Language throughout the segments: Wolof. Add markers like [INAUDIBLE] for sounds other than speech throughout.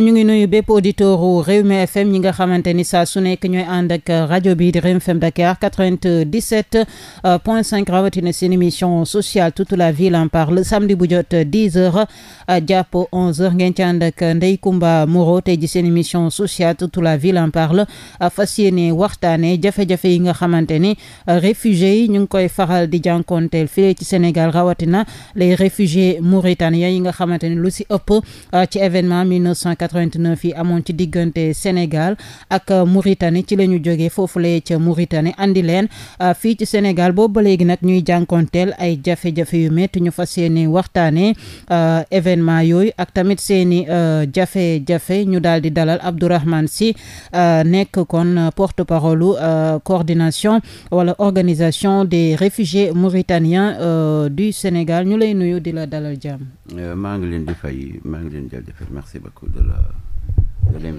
ñu ngi nuyu bépp auditeur u Rewmi FM ñi nga xamante ni saa su nekk ñooy ànd ak rajo bi di Rewmi FM Dakar 97 point 5 rawatina seen émission sociale toute la ville en parle samedi bu jot 10 heures jàpp 11 heures ngeen ci ànd ak Ndeye Comba Moreau tey ji seen émission sociale toute la ville en parle fas yéene waxtaane jafe-jafe yi nga xamante ni réfugiés yi ñu ngi koy faral di jànkonteel fii ci Sénégal rawatina les réfugiés mauritaniens yi nga xamante ni lu si ëpp ci événement 1989 yi amoon ci diggante Sénégal ak euh, Mauritanie ci la ñu foofu foofulee ca Mauritanie andi leen euh, fii ci Sénégal boobu ba léegi nag ñuy jànkonteel ay jafe-jafe yu métti ñu fa yéene waxtaanee euh, événement yooyu ak tamit seeni jafe-jafe ñu daal di dalal Abdourahmane Sy nekk kon porte-parole coordination wala organisation des réfugiés mauritaniens euh, du Sénégal ñu lay nuyu di la dalal jàmm. de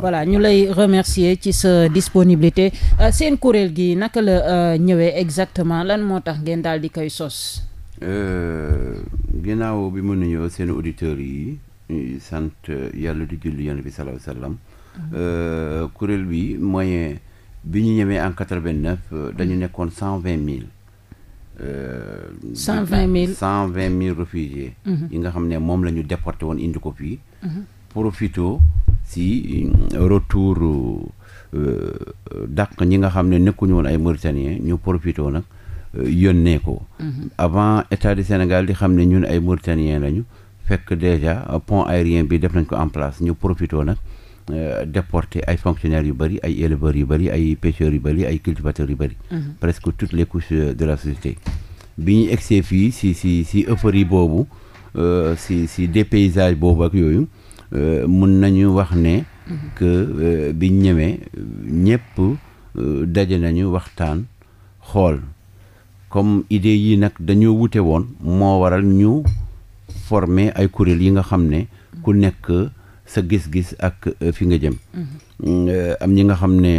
voilà ñu lay remercier ci sa disponibilité euh, seen kuréel gi naka la euh, ñëwee exactement lan moo tax ngeen daal di koy sos. Euh, ginnaaw bi mu nuyoo seen auditeurs yi sant yàlla du julli yonent bi salaahu salaam. Mhm. kuréel bi moyen bi ñu ñëwee en quatre-vingt-neuf dañu nekkoon cent vingt mille. Euh, cent vingt mille cent vingt mille réfugiés mhm. yi nga xam ne moom la ñu déporté woon indi ko fii mhm. profito si euh, retour euh, daq ñi nga xam ne nekkuñu woon ay Mauritaniens ñu profito nag yónnee ko mhm. avant état du Sénégal di xam ne ñun ay Mauritaniens lañu fekk déjà pont aérien bi def nañ ko en place ñu profito nag Euh, déporté ay fonctionnaires yu bëri ay éleveurs yu bari ay pêcheurs yu bëri ay cultivateurs yu bëri. Mhm. presque toutes les couches euh, de la société. bi ñu egsee fii si si si euphorie boobu euh, si si dépaysage boobu ak yooyu mun nañu wax ne. Mhm. que biñ ñemee ñëpp daje nañu waxtaan xool comme idée yi nag dañoo wute woon moo waral ñu former ay kuréel yi nga xam ne ku nekk. sa gis-gis ak euh, fi nga jëm mm-hmm. euh, am ñi nga xam ne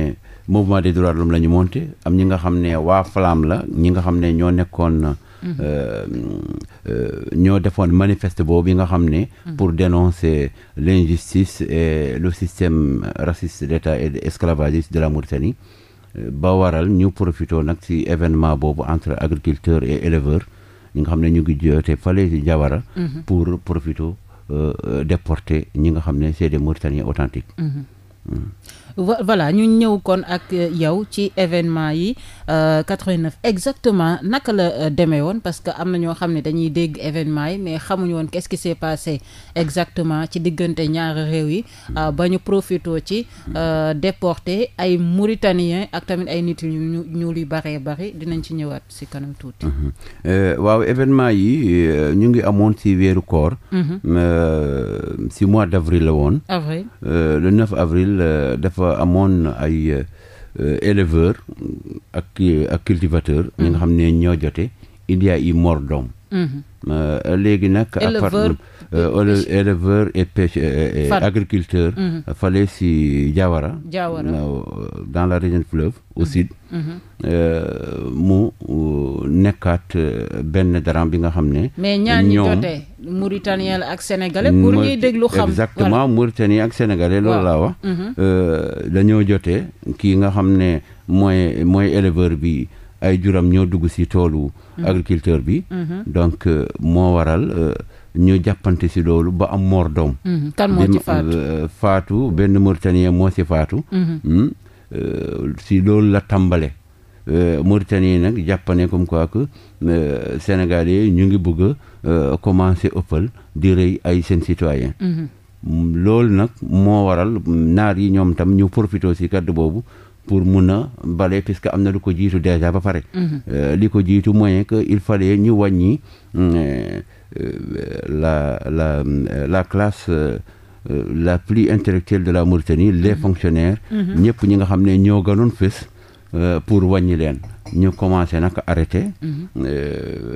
mouvement des droits de l'homme la ñu monté am ñi nga xam ne waa flamme la ñi nga xam ne ñoo nekkoon euh, mm-hmm. ñoo defoon manifeste boobu yi nga xam ne mm-hmm. pour dénoncer l'injustice et le système raciste d'État et esclavagiste de la Mauritanie ba waral ñu profité nag si événement boobu entre agriculteurs et éleveurs ñi nga xam ne ñu ngi joote fale ci Jawara pour profité Euh, euh, déporter ñi nga xam ne c'est des Mauritaniens authentiques. Mm-hmm. Mm. voilà ñu ñëw kon ak euh, yow ci événement yi 89 euh, exactement naka la euh, demee woon parce que am na ñoo xam ne dañuy dégg événement yi mais xamuñu woon qu'est-ce qui s'est passé exactement ci diggante ñaari réew yi ba ñu profité ci déporté ay Mauritaniens ak tamit ay nit ñu ñuul yu baree bari dinañ ci ñëwaat si kanam tuuti. Mm-hmm. waaw événement yi ñu ngi amoon si weeru koor. Mm-hmm. si mois d'avril la woon. avril le avril dafa. dafa amoon ay euh, éleveurs ak ak cultivateurs. ñi nga mm-hmm. xam ne ñoo jote il y a eu Eh, léegi nag. éleveur eh, éleveur et pêche et eh, agriculteur. fale si Diawara. Diawara dans la région de fleuve au mhm. sud. Mhm. mu nekkaat benn daram bi nga xam ne. mais ñaar ñi jotee Mauritanien ak sénégalais. pour ñuy déglu xam exactement ak sénégalais loolu laa wax. Mhm. dañoo jotee kii nga xam ne mooy mooy éleveur bi. ay juram ñoo dugg ci toolu mm-hmm. agriculteur bi mm-hmm. donc euh, moo waral euh, ñu jàppante ci loolu ba am moor doom mm-hmm. kan moo ci euh, faatu benn mauritanien moo ci faatu si hmm? loolu la tàmbale Mauritanie nag jàppane comme quoi que Sénégalais ñu ngi bëgg a commencer ëppal di rey ay seen citoyen hmm, loolu nag moo waral hmm, naar yi ñoom tam ñu profité ci kàddu boobu pour mun a bale puisque am na lu ko jiitu déjà ba pare. Mhm. Euh, li ko jiitu mooy que il fallait ñu wàññi euh, euh, la la la classe. Euh, la plus intellectuelle de la Mauritanie les mmh. fonctionnaires mhm. ñëpp ñi nga xam ne ñoo gënoon fës pour wàññi leen ñu commencé nag arrêté mhm.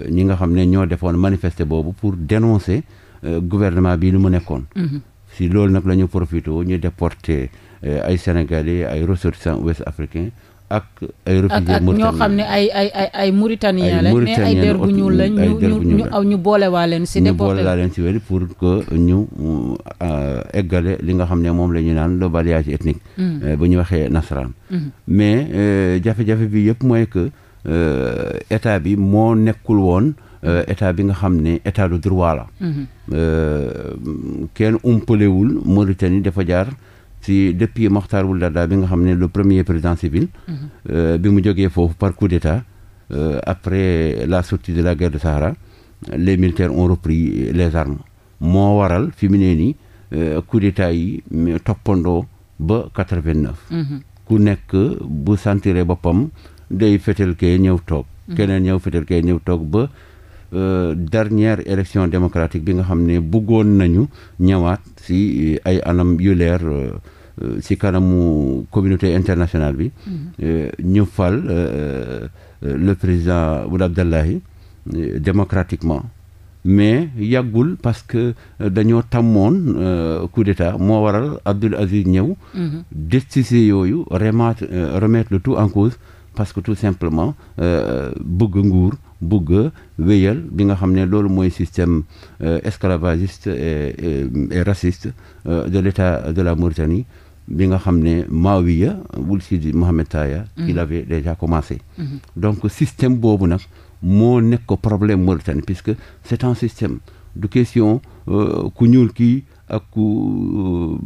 ñi nga xam ne ñoo defoon manifester boobu pour dénoncer euh, bii bi lu mu nekkoon si loolu nag la ñu ñu déporté ay sénégalais ay ressortissants ouest africains ak ay réfugiés mauritaniens ñoo xam ne ay ay ay ay mauritaniens lañ mais ay der bu ñuul lañ ñu boole waa leen si déporté si wéri pour que ñu euh, eggale li nga xam ne moom la ñu naan le balayage ethnique hmm. euh, bu ñu waxee nasaraan hmm. mais euh, jafe-jafe bi yëpp mooy que état bi moo nekkul woon état bi nga xam ne état de droit la hmm. kenn umpalewul Mauritanie dafa jaar si depuis Mokhtar Ould bi nga xam ne le premier président civil. Euh, bi mu jógee foofu par coup d'état euh, après la sortie de la guerre de Sahara les militaires ont repris les armes moo waral fi mu ni nii euh, coup d'état yi toppandoo ba quatre-vingt-neuf. Mhm. ku nekk bu sentiree boppam day fetel kee ñëw toog. Mhm. keneen ñëw fetel kee ñëw toog ba. Euh, dernière élection démocratique bi nga xam ne bëggoon nañu ñëwaat ci ay anam yu leer Euh, ci kanamu communauté internationale bi. Mm-hmm. Euh, ñu fal euh, le président Boun Abdallah démocratiquement mais yàggul parce que dañoo tàmmoon coup d'état moo waral Abdul Aziz ñëw. Mm-hmm. destisé yooyu remettre remettre le tout en cause parce que tout simplement bëgg nguur bëgg wéyal bi nga xam ne loolu mooy système esclavagiste et et raciste de l'état de la Mauritanie. bi nga xam ne Maawiya wul Sidi Mohamed Taaya mhm. il avait déjà commencé mhm. donc système boobu nag moo nekk ko problème Mauritanie puisque c'est un système du question euh, ku ñuul kii ak ku euh,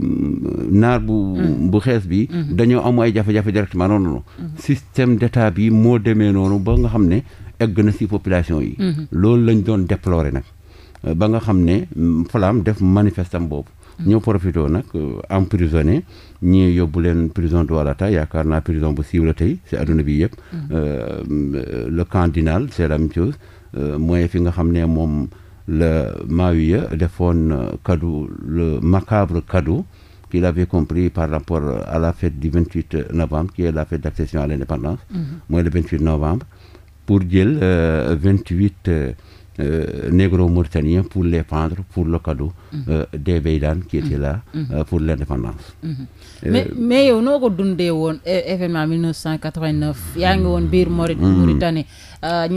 naar bu mhm. bu xees bi dañoo am ay jafe-jafe directement non non système bi moo demee noonu ba nga xam ne egg na si population yi loolu lañ doon déplorer nag euh, ba nga xam ne mm, falaam def manifestam boobu ñu profité nag euh, emprisonné ñii yóbbu leen prison de Walata yaakaar naa prison bu siiw la tey si adduna bi yëpp. Mm-hmm. Euh, le cardinal c'est la même chose euh, mooy fi nga xam ne moom la Mawiya defoon cadeau le macabre cadeau. qu'il avait compris par rapport à la fête du 28 novembre qui est la fête d'accession à l'indépendance. Mm-hmm. mooy mm -hmm. le 28 novembre pour jël euh, 28. Euh, Euh, négro-mauritaniens pour les pendre pour le cadeau mhm. euh, des la qui étaient mhm. là euh, mhm. mais mais yow noo ko dundee woon e, événement 1989 yaa ngi woon biir Maurit Mauritanie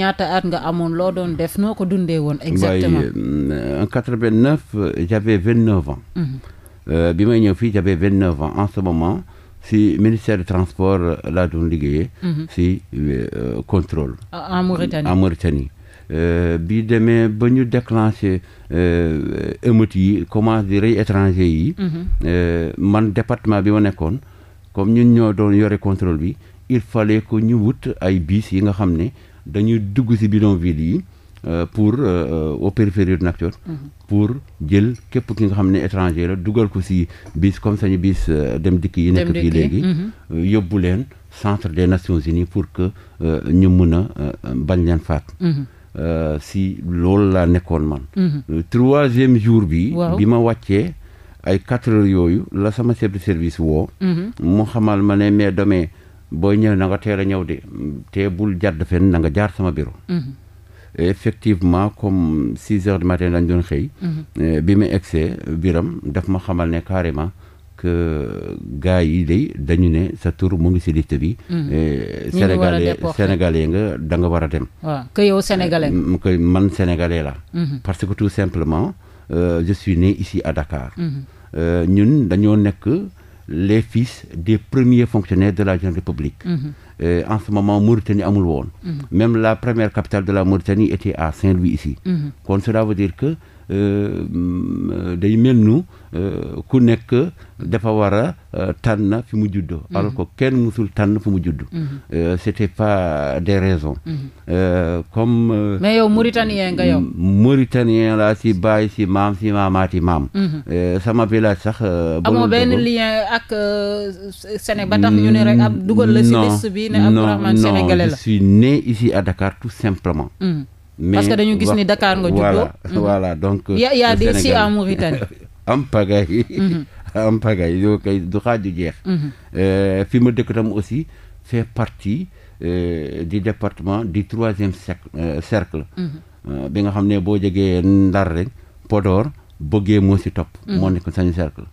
ñaata at nga amoon loo doon def noo ko dundee woon exactement en 89 j'avais 29 ans bi may ñëw fii j'avais 29 ans en ce moment si ministère des transport laa doon liggéeyee si contrôle ah, en Mauritanie Euh, bi demee ba ñu déclenché euh, émeutes yi commence di rey étranger yi. Mhm. Euh, man département bi wa nekkoon comme ñun ñoo doon yore contrôle bi il fallait que ñu wut ay bis yi nga xam ne dañuy dugg ci bidonville yi. pour au périphérie de Nouakchott mhm. pour jël képp ki nga xam ne étranger la dugal ko ci bis comme sañu bis dem dikk yi nekk fii léegi mhm. yóbbu leen centre des nations unies pour que ñu mën a bañ leen faat Euh, si loolu laa nekkoon man. Mhm. troisième jour bi. bi ma wàccee ay quatre heures yooyu la sama chef de service woo. Mhm. mu xamal ma ne mais demee booy ñëw na nga ñëw de te bul jàdd fen na nga jaar sama bureau. Mhm. effectivement comme six heures du matin lañ doon xëy. Euh, bi ma egsee biram daf ma xamal ne carrément. gars yi day dañu ne sa tur mu ngi si liste bi. Mm. Eh, sénégalais sénégalais nga da war a dem. waaw que yow sénégalais mm, que man sénégalais la. Mm-hmm. parce que tout simplement euh, je suis né ici à Dakar. Mm-hmm. Euh, ñun dañoo nekk les fils des premiers fonctionnaires de la jeune république. Mm-hmm. Euh, en ce moment Mauritanie amul woon. Mm la première capitale de la Mauritanie était à Saint-Louis ici. kon mm -hmm. cela dire que euh, mm, day mel nu Euh, ku nekk dafa war a euh, tànn fi mu juddoo. Mhm. alors que kenn musul tànn fu mu juddu. Mhm. Euh, c'était pas des raisons. Mhm. comme. mais yow mauritanien nga yow. mauritanien laa si baay si maam si maamaati maam. sama village sax. amoo benn lien ak Sénégal ba tax ñu ne rek ab dugal la si liste bi ne Abdourahmane sénégalais la non né ici à Dakar tout simplement. mais dañu gis ni Dakar nga juddoo. voilà donc. y a y a des Mauritanie. [LAUGHS] am pagaille mhm. [LAUGHS] am pagaille yoo koy du xaaju jeex mhm. euh, fi ma dëkk tam aussi fait partie euh, du département du troisième cercle euh, mhm. euh, bi nga xam ne boo jegee Ndar rek Podor bëggee moo si topp moo nekk sañu cercle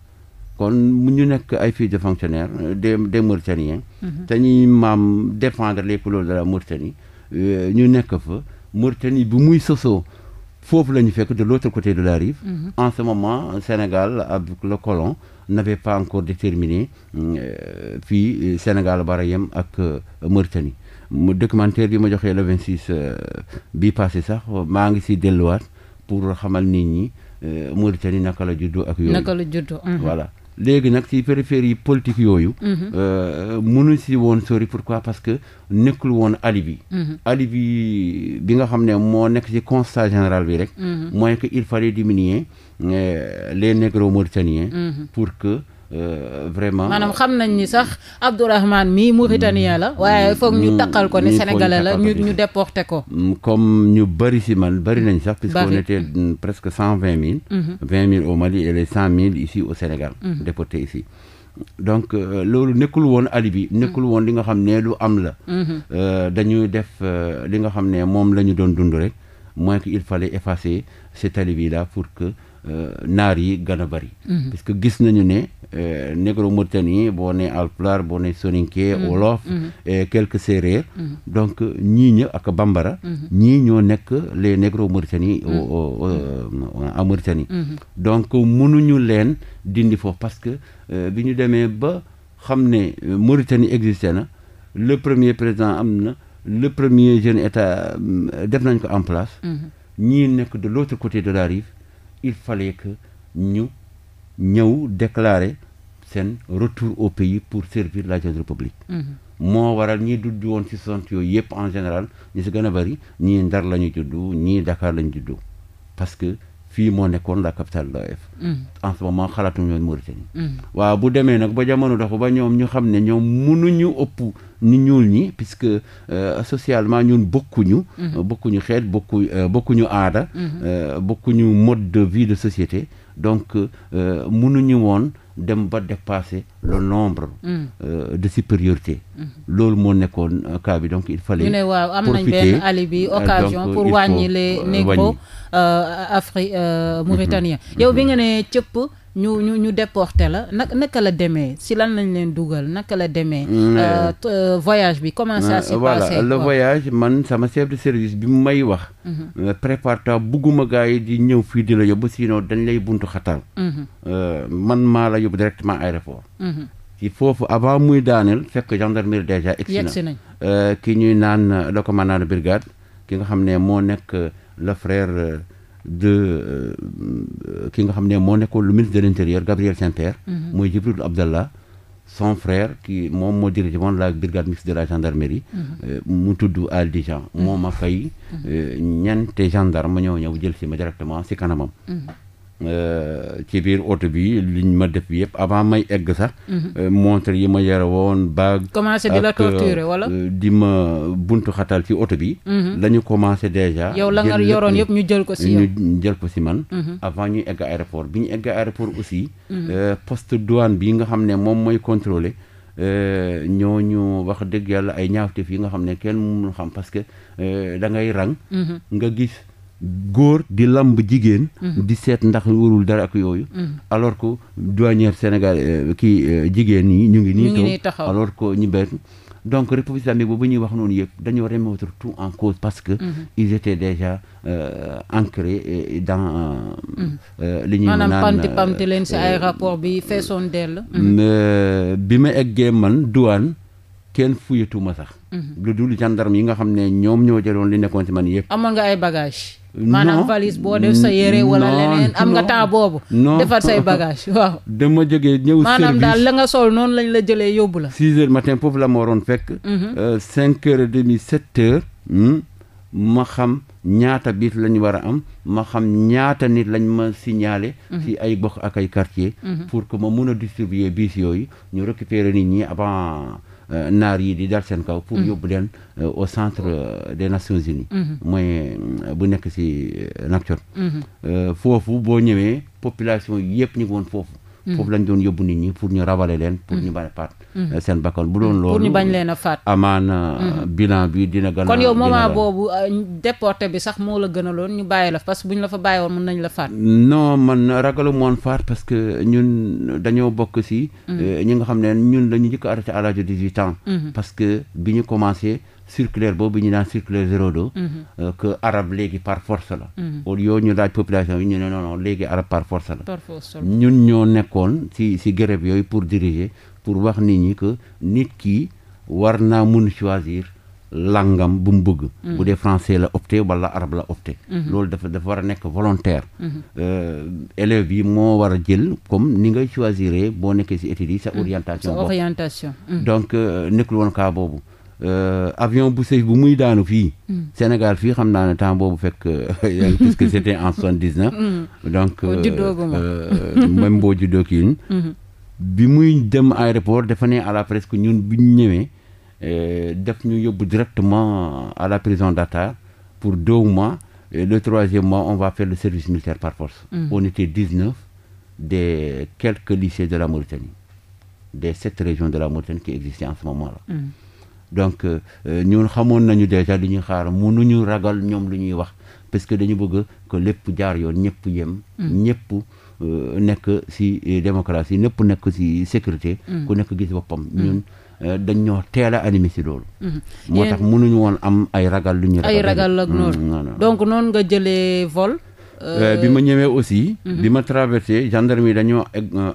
kon ñu nekk ay fii de fonctionnaires des des Mauritaniens te ñuy maam défendre les couleurs de ñu nekk fa Mauritanie bu muy sosoo foofu la ñu fekk de l'autre côté de la rive. Mhm. en ce moment Sénégal avec le colon n'avait pas encore déterminé euh, fii Sénégal bara yem ak euh, Mauritanie mu documentaire bi ma joxee le 26 euh, bii passé sax maa ngi si delluwaat pour xamal nit ñi Mauritanie naka la judo ak. yooyu naka la juddoo. Mhm. voilà. léegi nag ci périphérie politique yooyu. Mhm. Euh, mënu si woon sori pourquoi parce que nekkul woon alibi. Mhm. alibi bi nga xam ne moo nekk ci constat général bi rek. Mhm. mooy que il fallait diminuer euh, les négro mauritaniens. pour que Euh, vraiment. maanaam xam nañ ni sax Abdourahmane mii mauritanien la. Mm. waaye foog ñu takkal ko ne sénégalais la ñu ñu déporté ko. Mm, comme ñu bëri si man bëri nañ sax. puisque on était presque cent vingt mille. Mhm. vingt mille au Mali et les cent mille ici au Sénégal. Mhm. déporté ici. donc euh, loolu nekkul woon alibi nekkul woon li nga xam ne lu am la. Mhm. Euh, dañuy def li nga xam ne moom la doon dund rek. moins que il fallait effacer cet alibi là pour que. Euh, naar yi gën a bari. Mhm. parce que gis nañu ne euh, négro mauritanie boo nee alpulaar boo nee soninké mhm. wolof mhm. et donc ñii ñë ak bambara ñii ñoo nekk les négro mauritanie euh, en Mauritanie donc mënuñu leen dindi foofu parce que bi ñu demee ba xam ne Mauritanie existé na le premier président am na le premier jeune état def nañ ko en place ñii nekk de l'autre côté de la rive il fallait que ñu ñëw déclarer seen retour au pays pour servir la chose république mm-hmm. moo waral ñi dudd woon ci sant yooyu yëpp en général ñu si gën a bari ñii Ndar lañu ñu juddu ñii Dakar la ñu juddu parce que fii moo nekkoon la capitale de l'OF mm. en ce moment xalaatuñu woon mm. waaw bu demee nag ba jamono dox ba ñoom ñu xam ne ñoom ñu ëpp ni ñuul ñi puisque euh, socialement ñun bokkuñu mm-hmm. bokkuñu xeet bokku euh, bokkuñu aada mm-hmm. euh, bokkuñu mode de vi de société donc mënuñu woon dem ba dépasser le nombre. Mm. Euh, de supériorité. Mm. loolu moo nekkoon euh, cas bi donc il fallait. ñu ne waaw am nañ benn alibi euh, occasion pour wàññi les. wàññi négo Afrique Mauritanien mm-hmm. yow bi mm-hmm. nga ne cëpp. ñu ñu ñu déporté la nag naka la demee si lan lañ leen dugal naka la demee. Mm, euh, euh, voyage bi comment ça euh, s'est passé voilà voyage man sama chef de service bi mu may wax. Mm-hmm. prépare-toi bugguma gars yi di ñëw fii di la yóbbu sinon dañ lay buntu xatal. Mm-hmm. man maa la yóbbu directement aéroport. Mm-hmm. foofu avant muy daaneel fekk gendarmerie déjà. yegsi na ki ñuy naan la commandant de brigade ki nga xam ne moo nekk la frère. de euh, ki nga xam ne moo nekkoon le ministre de l' intérieur Gabriel mooy mhm. Djibril Abdallah son frère qui moom moo dirigé woon la brigade mixte de la gendarmerie. Mhm. Euh, mu tudd Al Dijan moo ma mhm. fay. Euh, ñeente gendarme ñoo ñëw jël si ma directement si kanamam. Euh, ci biir oto bi liñ ma def yëpp avant may egg sax. Mhm. Euh, montre yi ma yore woon baag. commencé di la euh, torturer wala. di ma buntu xatal ci oto bi. Mhm. la ñu commencé déjà. yow la nga yoroon yëpp ñu jël ko si ñu jël ko si man. Mhm. avant ñuy egg aéroport bi ñu egg aéroport aussi. poste douane bi nga xam ne moom mooy contrôler. ñu wax dëgg yàlla ay ñaawteef yi nga xam ne kenn mënul xam parce que da ngay rang. nga gis. góor di lamb jigéen. Mm-hmm. di seet ndax warul dara ak yooyu. Mm-hmm. alors que douanière Sénégal euh, ki euh, jigéen ñi ñu ngi. nii taxaw alors que ñu benn. donc république islamique boobu ñuy wax noonu yëpp dañoo remettre tout en cause parce que. Mm-hmm. ils étaient déjà euh, ancrés dans. li ñuy naan maanaam pamti pamti leen si ay rapport bi feesoon dell. bi ma eggee man douane kenn fuyatuma sax. lu dul gendarme yi nga xam ne ñoom ñoo jëloon li nekkoon si man yëpp. amoon nga ay bagages. maanaam valise boo def sa yére wala leneen am nga temps boobu defar say bagage [LAUGHS] waaw dama jógee ñëw service maanaam daal la nga sol noonu lañ la jëlee yóbbu la six heures matin foofu la ma waroon fekk mhm. euh, cinq heures et demi sept hmm, ma xam ñaata biit lañ war a am ma xam ñaata nit lañ ma signalé si mhm. ay gox ak ay quartier mhm. pour que ma mun a distribuer biis yooyu ñu récupérer nit ñi avant Euh, naar yi di dal seen kaw. pour mm-hmm. yóbbu leen euh, au centre euh, des Nations Unies. Mm-hmm. mooy bu nekk si Nouakchott. Mm-hmm. foofu boo ñëwee population yëpp ñu ngi woon foofu. Mm. foofu lañ doon yóbbu nit ñi pour ñu rawale leen pour mm. ñu bañ a faat mm. euh, seen bakkan leen a faat amaana euh, bilan bi dina gën kon yow moment boobu euh, déporté bi sax moo la gënaloon ñu bàyyi la parce que bu ñu la fa bàyyi woon mën nañ la faat non man ragalu moon faat parce que ñun dañoo bokk si ñu nga xam ne ñun la ñu njëkk arrêté à l'âge de dix-huit ans parce bi ñu commencé circulaire boobu ñu naan circulaire zéro deux mhm. euh, que arab léegi par force la mhm. au lieu ñu laaj population yi ñu ne non léegi arab par force la ñun ñoo nekkoon si ci grève yooyu pour diriger pour wax nit ñi que nit ki war naa mun choisir langam bu mu bëgg mhm. bu dee français la opté wala arab la opté loolu dafa dafa war a nekk volontaire euh, élèves yi moo war a jël comme ni ngay choisir boo nekkee si études yi sa orientation bopp donc euh, nekkul woon cas boobu Euh, avion bu sëy bu muy daanu fii. Mm. Sénégal fii xam naa ne temps boobu fekk euh, [LAUGHS] puisque c' était en soixante dix neuf. Mm. donc euh, [LAUGHS] même boo juddoo mm-hmm. bi muy dem aéroport dafa ne à la presse que ñun bu ñu ñëwee def ñu yóbbu directement à la prison d'Atta pour deux mois et le troisième mois on va faire le service militaire par force. Mm. on était dix neuf des quelques lycées de la Mauritanie des sept région de la Mauritanie qui existaient en ce moment là. Mm. donc euh, euh, ñun xamoon nañu déjà li ñuy xaar ñu ragal ñoom lu ñuy wax parce que dañu bëgg que lépp jaar yoon ñëpp yem. Hmm. ñëpp euh, nekk si démocratie ñëpp nekk ci sécurité. Hmm. ku nekk gis boppam hmm. ñun. dañ ñoo teel a animé si loolu. moo tax mënuñu woon am ay ragal lu ñu. ay ragal ak noonu donc noonu nga jëlee vol. bi ma ñëwee aussi. bi ma traversé gendarmerie dañoo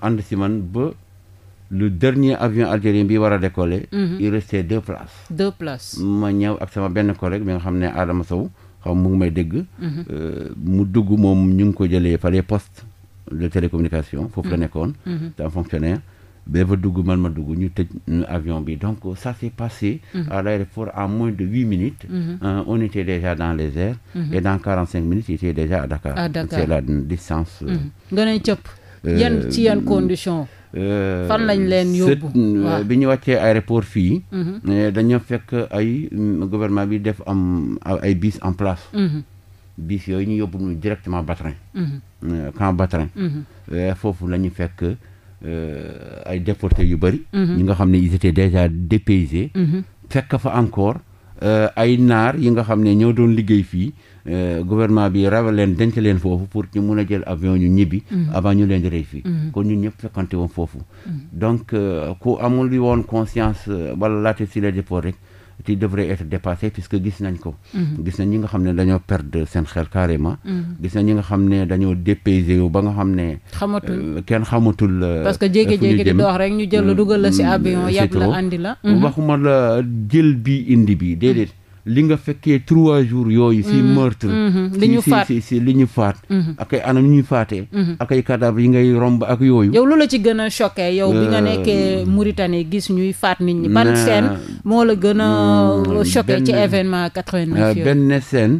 ànd si man ba. le dernier avion algérien bi war a décoller. Mhm. il restait deux places. deux places ma ñëw ak sama benn collègue bi nga xam ne Adama Sow xaw mu ngi may dégg. Mhm. Euh, mu dugg moom ñu ngi ko jëlee fa les postes de télécommunication. foofu la mhm. nekkoon. d'un fonctionnaire. ba fa dugg man ma dugg ñu tëj avion bi donc ça s'est passé. à l'aéroport en moins de huit minutes. on était déjà dans les airs. et dans quarante cinq minutes j'étais déjà à Dakar. Euh, nga ne cëpp. Euh, yan ci yan condition Euh, fan lañ leen yóbbu euh, bi ñu wàccee aéroport fii. Mhm. dañoo fekk ay mm, gouvernement bi def am ay bis en place. Mhm. bis yooyu ñu yóbbu directement Batrin. Mhm. Euh, camp Batrin. foofu lañu ñu fekk ay déportés yu bëri. ñi nga xam ne ils étaient déjà dépaysés. fekk fa encore. Euh, ay naar yi nga xam ne ñoo doon liggéey fii euh, gouvernement bi rabal leen denc leen foofu pour ñu mun a jël avion ñu ñibbi. Mhm. avant ñu leen di rey fii. Mhm. kon ñun ñëpp fekkante woon foofu. Mhm. donc euh, ku amul woon conscience wala laajte si les dépôts rek. qui devrait être dépassé puisque gis nañ ko mhm. gis nañ ñi nga xam ne dañoo perdre seen xel carrément mhm. gis nañ ñi nga xam ne dañoo dépaysé yu ba nga xam ne xamatul euh, kenn xamatul euh, parce que jéegi-jéegi di dox rek ñu jël dugal la si mm. avion yàgg la andi la waxuma la jël bi indi bi déedéet li nga fekkee trois jours yooyu si mm-hmm. meurtre mm-hmm. li ñu faat li ñu faat ak ay anam ñuy faatee mm-hmm. ak ay yi ngay romb ak yooyu yow lu la ci gën a choqué yow bi nga euh, nekkee mm. Mauritanie gis ñuy faat nit ñi ban scène moo la gën a mm. euh, choqué ci événement quatre-vingt-neuf euh, yooyu benn scène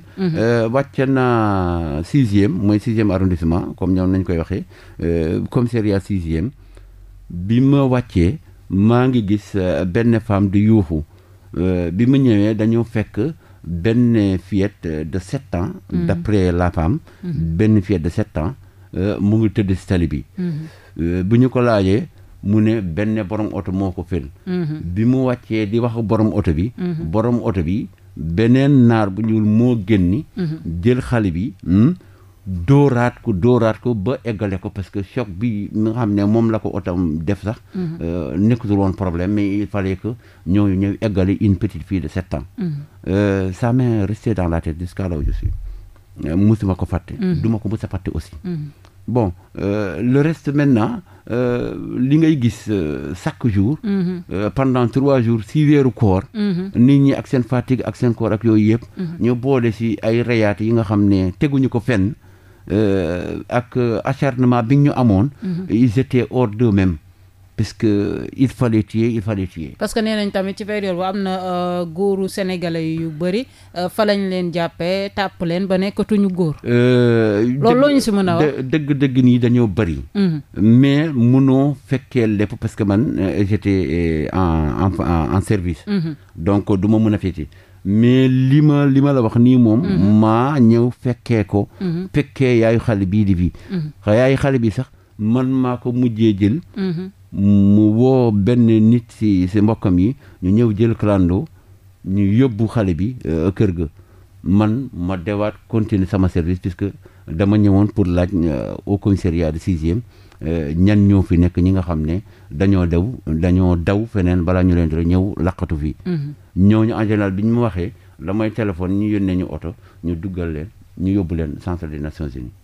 wàcc naa sixième mooy sixième arrondissement comme ñoom nañ koy waxee commissariat sixième bi ma wàccee maa ngi gis benn femme di yuufu Euh, bi mu ñëwee dañoo fekk benn fillette de sept ans mhm. d'après la femme mhm. benn fillette de sept ans euh, mu ngi tëdd si tali bi mhm. euh, bu ñu ko laajee mu ne benn borom oto moo ko fen bi mu wàccee di wax borom oto bi borom oto bi beneen naar bu ñuul moo génni jël xale bi hmm, dóoraat ko dóoraat ko ba eggale ko parce que choc bi nga xam ne moom la ko otam def sax. Mhm. Euh, nekkatul woon problème mais il fallait que ñooñu ñëw eggale une petite fille de sept ans. Mhm. Euh, sa dans la tête jusqu'à là où je suis. Euh, musuma ko fàtte. Mhm. du ma ko mës a fàtte aussi. bon euh, le reste maintenant li ngay gis euh, chaque jour. Mm -hmm. pendant trois jours si weeru koor. Mm -hmm. nit ñi ak seen fatigue ak seen koor ak yooyu yëpp. ñu boole si ay reyaat yi nga xam ne teguñu ko fenn. Euh, ak euh, acharnement bi ñu amoon. Mm-hmm. ils étaient hors deux parce que euh, il fallait tuer il fallait tuer. parce que nee nañ tamit ci période bu am na góoru sénégalais yu bëri fa lañ leen jàppe tàpp leen ba nekkatuñu góor. loolu loo ñu si mën a wax dëgg dëgg nii dañoo bëri. Mm-hmm. mais mënoo fekkee lépp parce que man j'étais en en en service. Mm-hmm. donc du ma a fekkee. mais li ma li ma la wax nii moom mhm. maa ñëw fekkee ko mhm. fekkee yaayu xale bii di bii mhm. yaayu xale bi sax man maa ko mujjee jël mu woo benn nit si si mbokkam yi ñu ñëw jël clando ñu yóbbu xale bi euh, kër ga man ma dewaat continuer sama service puisque dama ñëwoon pour laaj euh, au commissariat de sixième euh, ñan ñoo fi nekk ñi nga xam ne dañoo dew dañoo daw feneen balaa ñu leen di ñëw laqatu fii ñooñu en général bi ñu ma waxee la mooy téléphone ñu yónnee ñu oto ñu duggal leen ñu yobbu leen centre des Nations Unies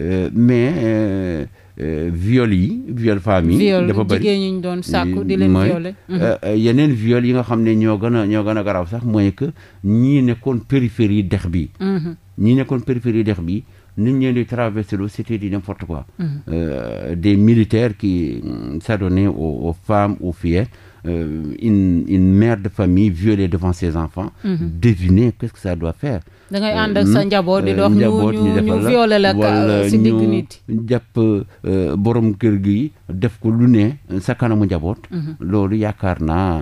euh, mais euh, euh viol yi viol femmes yi dafa bëri jigéen ñi doon sàkku di leen violer mhm. euh, euh, yeneen viol yi nga xam ne ñoo gën a ñoo gën a garaaw sax mooy que ñii nekkoon périphérie dex bi mhm. ñii nekkoon périphérie dex bi nit ñeen di traversé lu c'était di n'importe quoi mhm. des militaire qui mm, s'adonnaient aux, aux femmes aux euh, une, une, de famille violée devant ses enfants. Mm -hmm. deviner que ça doit faire. da ngay euh, sa hmm? njaboot di euh, dox ñu ñu ñu violé la wala ñu jàpp euh, borom kër gi def ko lu ne sa kanamu njaboot. Mhm. loolu yaakaar naa